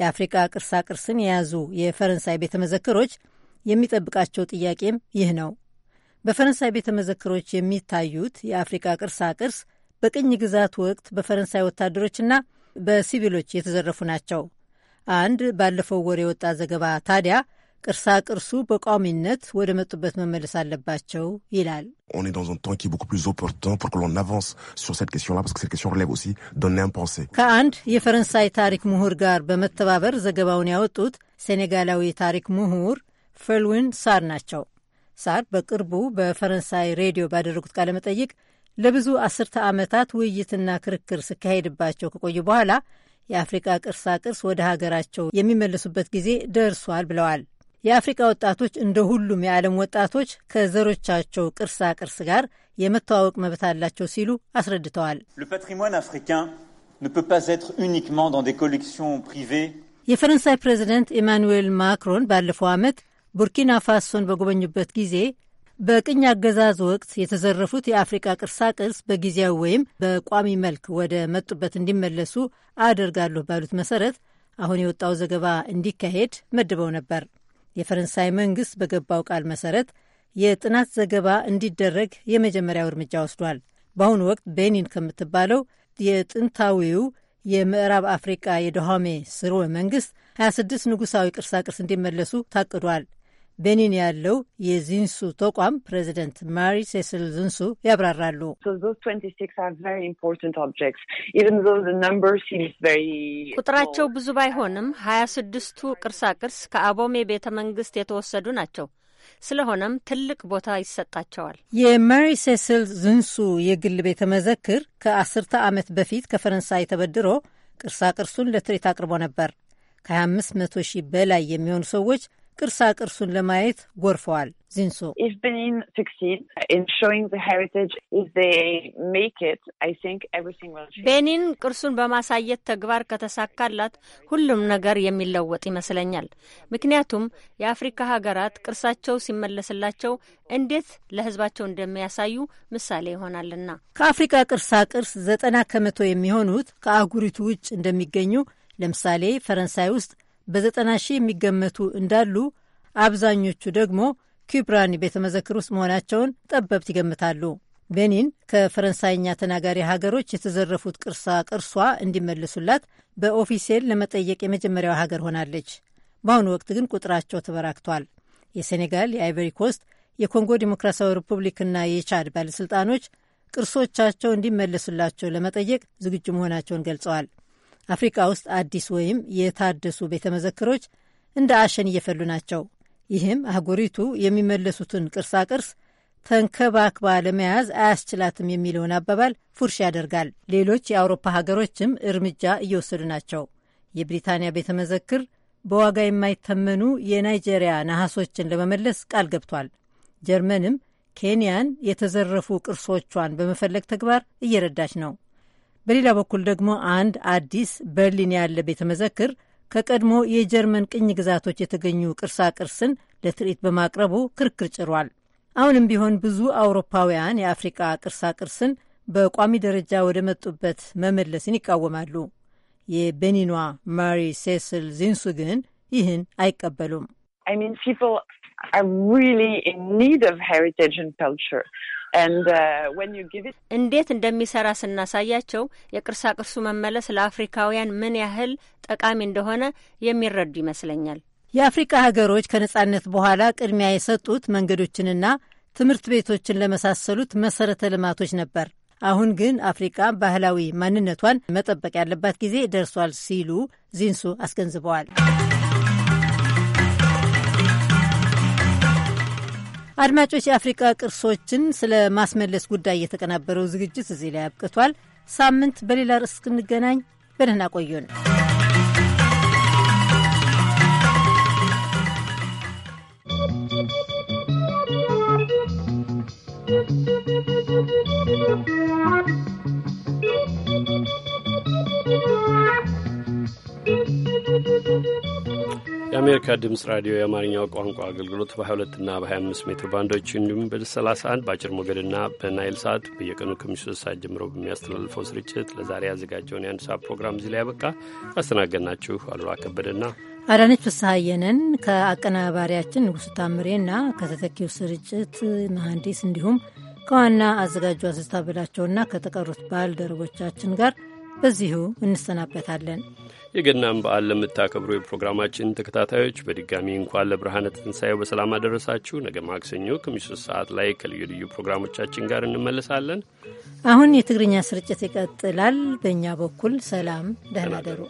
የአፍሪቃ ቅርሳቅርስን የያዙ የፈረንሳይ ቤተ መዘክሮች የሚጠብቃቸው ጥያቄም ይህ ነው። በፈረንሳይ ቤተ መዘክሮች የሚታዩት የአፍሪቃ ቅርሳቅርስ በቅኝ ግዛት ወቅት በፈረንሳይ ወታደሮችና በሲቪሎች የተዘረፉ ናቸው። አንድ ባለፈው ወር የወጣ ዘገባ ታዲያ ቅርሳ ቅርሱ በቋሚነት ወደ መጡበት መመለስ አለባቸው ይላል። ከአንድ የፈረንሳይ ታሪክ ምሁር ጋር በመተባበር ዘገባውን ያወጡት ሴኔጋላዊ ታሪክ ምሁር ፈልዊን ሳር ናቸው። ሳር በቅርቡ በፈረንሳይ ሬዲዮ ባደረጉት ቃለመጠይቅ ለብዙ አስርተ ዓመታት ውይይትና ክርክር ሲካሄድባቸው ከቆዩ በኋላ የአፍሪቃ ቅርሳ ቅርስ ወደ ሀገራቸው የሚመለሱበት ጊዜ ደርሷል ብለዋል። የአፍሪቃ ወጣቶች እንደ ሁሉም የዓለም ወጣቶች ከዘሮቻቸው ቅርሳ ቅርስ ጋር የመተዋወቅ መብት አላቸው ሲሉ አስረድተዋል። የፈረንሳይ ፕሬዚደንት ኢማኑዌል ማክሮን ባለፈው ዓመት ቡርኪና ፋሶን በጎበኙበት ጊዜ በቅኝ አገዛዝ ወቅት የተዘረፉት የአፍሪቃ ቅርሳ ቅርስ በጊዜያዊ ወይም በቋሚ መልክ ወደ መጡበት እንዲመለሱ አደርጋለሁ ባሉት መሰረት አሁን የወጣው ዘገባ እንዲካሄድ መድበው ነበር። የፈረንሳይ መንግስት በገባው ቃል መሰረት የጥናት ዘገባ እንዲደረግ የመጀመሪያው እርምጃ ወስዷል። በአሁኑ ወቅት ቤኒን ከምትባለው የጥንታዊው የምዕራብ አፍሪቃ የደሃሜ ስርወ መንግስት 26 ንጉሳዊ ቅርሳቅርስ እንዲመለሱ ታቅዷል። ቤኒን ያለው የዚንሱ ተቋም ፕሬዚደንት ማሪ ሴስል ዝንሱ ያብራራሉ። ቁጥራቸው ብዙ ባይሆንም ሀያ ስድስቱ ቅርሳቅርስ ከአቦሜ ቤተ መንግስት የተወሰዱ ናቸው። ስለሆነም ትልቅ ቦታ ይሰጣቸዋል። የማሪ ሴስል ዝንሱ የግል ቤተ መዘክር ከአስርተ ዓመት በፊት ከፈረንሳይ ተበድሮ ቅርሳቅርሱን ለትርኢት አቅርቦ ነበር። መቶ ሺህ በላይ የሚሆኑ ሰዎች ቅርሳ ቅርሱን ለማየት ጎርፈዋል። ዚንሶ ቤኒን ቅርሱን በማሳየት ተግባር ከተሳካላት ሁሉም ነገር የሚለወጥ ይመስለኛል። ምክንያቱም የአፍሪካ ሀገራት ቅርሳቸው ሲመለስላቸው እንዴት ለሕዝባቸው እንደሚያሳዩ ምሳሌ ይሆናልና። ከአፍሪካ ቅርሳ ቅርስ ዘጠና ከመቶ የሚሆኑት ከአህጉሪቱ ውጭ እንደሚገኙ ለምሳሌ ፈረንሳይ ውስጥ በዘጠና ሺህ የሚገመቱ እንዳሉ አብዛኞቹ ደግሞ ኪብራኒ ቤተ መዘክር ውስጥ መሆናቸውን ጠበብት ይገምታሉ። ቤኒን ከፈረንሳይኛ ተናጋሪ ሀገሮች የተዘረፉት ቅርሳ ቅርሷ እንዲመልሱላት በኦፊሴል ለመጠየቅ የመጀመሪያዋ ሀገር ሆናለች። በአሁኑ ወቅት ግን ቁጥራቸው ተበራክቷል። የሴኔጋል፣ የአይቨሪ ኮስት፣ የኮንጎ ዲሞክራሲያዊ ሪፑብሊክና የቻድ ባለሥልጣኖች ቅርሶቻቸው እንዲመለሱላቸው ለመጠየቅ ዝግጁ መሆናቸውን ገልጸዋል። አፍሪካ ውስጥ አዲስ ወይም የታደሱ ቤተ መዘክሮች እንደ አሸን እየፈሉ ናቸው። ይህም አህጉሪቱ የሚመለሱትን ቅርሳቅርስ ተንከባክባ ለመያዝ አያስችላትም የሚለውን አባባል ፉርሽ ያደርጋል። ሌሎች የአውሮፓ ሀገሮችም እርምጃ እየወሰዱ ናቸው። የብሪታንያ ቤተ መዘክር በዋጋ የማይተመኑ የናይጄሪያ ነሐሶችን ለመመለስ ቃል ገብቷል። ጀርመንም ኬንያን የተዘረፉ ቅርሶቿን በመፈለግ ተግባር እየረዳች ነው። በሌላ በኩል ደግሞ አንድ አዲስ በርሊን ያለ ቤተ መዘክር ከቀድሞ የጀርመን ቅኝ ግዛቶች የተገኙ ቅርሳ ቅርስን ለትርኢት በማቅረቡ ክርክር ጭሯል። አሁንም ቢሆን ብዙ አውሮፓውያን የአፍሪቃ ቅርሳ ቅርስን በቋሚ ደረጃ ወደ መጡበት መመለስን ይቃወማሉ። የቤኒኗ ማሪ ሴስል ዚንሱ ግን ይህን አይቀበሉም። I mean, people are really in need of heritage and culture. Uh, እንዴት እንደሚሰራ ስናሳያቸው የቅርሳ ቅርሱ መመለስ ለአፍሪካውያን ምን ያህል ጠቃሚ እንደሆነ የሚረዱ ይመስለኛል። የአፍሪካ ሀገሮች ከነጻነት በኋላ ቅድሚያ የሰጡት መንገዶችንና ትምህርት ቤቶችን ለመሳሰሉት መሰረተ ልማቶች ነበር። አሁን ግን አፍሪካ ባህላዊ ማንነቷን መጠበቅ ያለባት ጊዜ ደርሷል ሲሉ ዚንሱ አስገንዝበዋል። አድማጮች፣ የአፍሪቃ ቅርሶችን ስለ ማስመለስ ጉዳይ የተቀናበረው ዝግጅት እዚህ ላይ አብቅቷል። ሳምንት በሌላ ርዕስ እስክንገናኝ በደህና ቆዩን። Thank you. የአሜሪካ ድምፅ ራዲዮ የአማርኛው ቋንቋ አገልግሎት በ22 እና በ25 ሜትር ባንዶች እንዲሁም በ31 በአጭር ሞገድና በናይል ሰዓት በየቀኑ ከምሽቱ ሶስት ሰዓት ጀምሮ በሚያስተላልፈው ስርጭት ለዛሬ ያዘጋጀውን የአንድ ሰዓት ፕሮግራም እዚህ ላይ ያበቃ። ያስተናገድናችሁ አሉላ ከበደና አዳነች ፍስሐየንን ከአቀናባሪያችን ንጉሥ ታምሬና ከተተኪው ስርጭት መሐንዲስ እንዲሁም ከዋና አዘጋጇ ብላቸውና ከተቀሩት ባልደረቦቻችን ጋር በዚሁ እንሰናበታለን። የገናን በዓል ለምታከብሩ የፕሮግራማችን ተከታታዮች በድጋሚ እንኳን ለብርሃነ ትንሣኤው በሰላም አደረሳችሁ። ነገ ማክሰኞ ከምሽቱ ሰዓት ላይ ከልዩ ልዩ ፕሮግራሞቻችን ጋር እንመለሳለን። አሁን የትግርኛ ስርጭት ይቀጥላል። በእኛ በኩል ሰላም፣ ደህና ደሩ።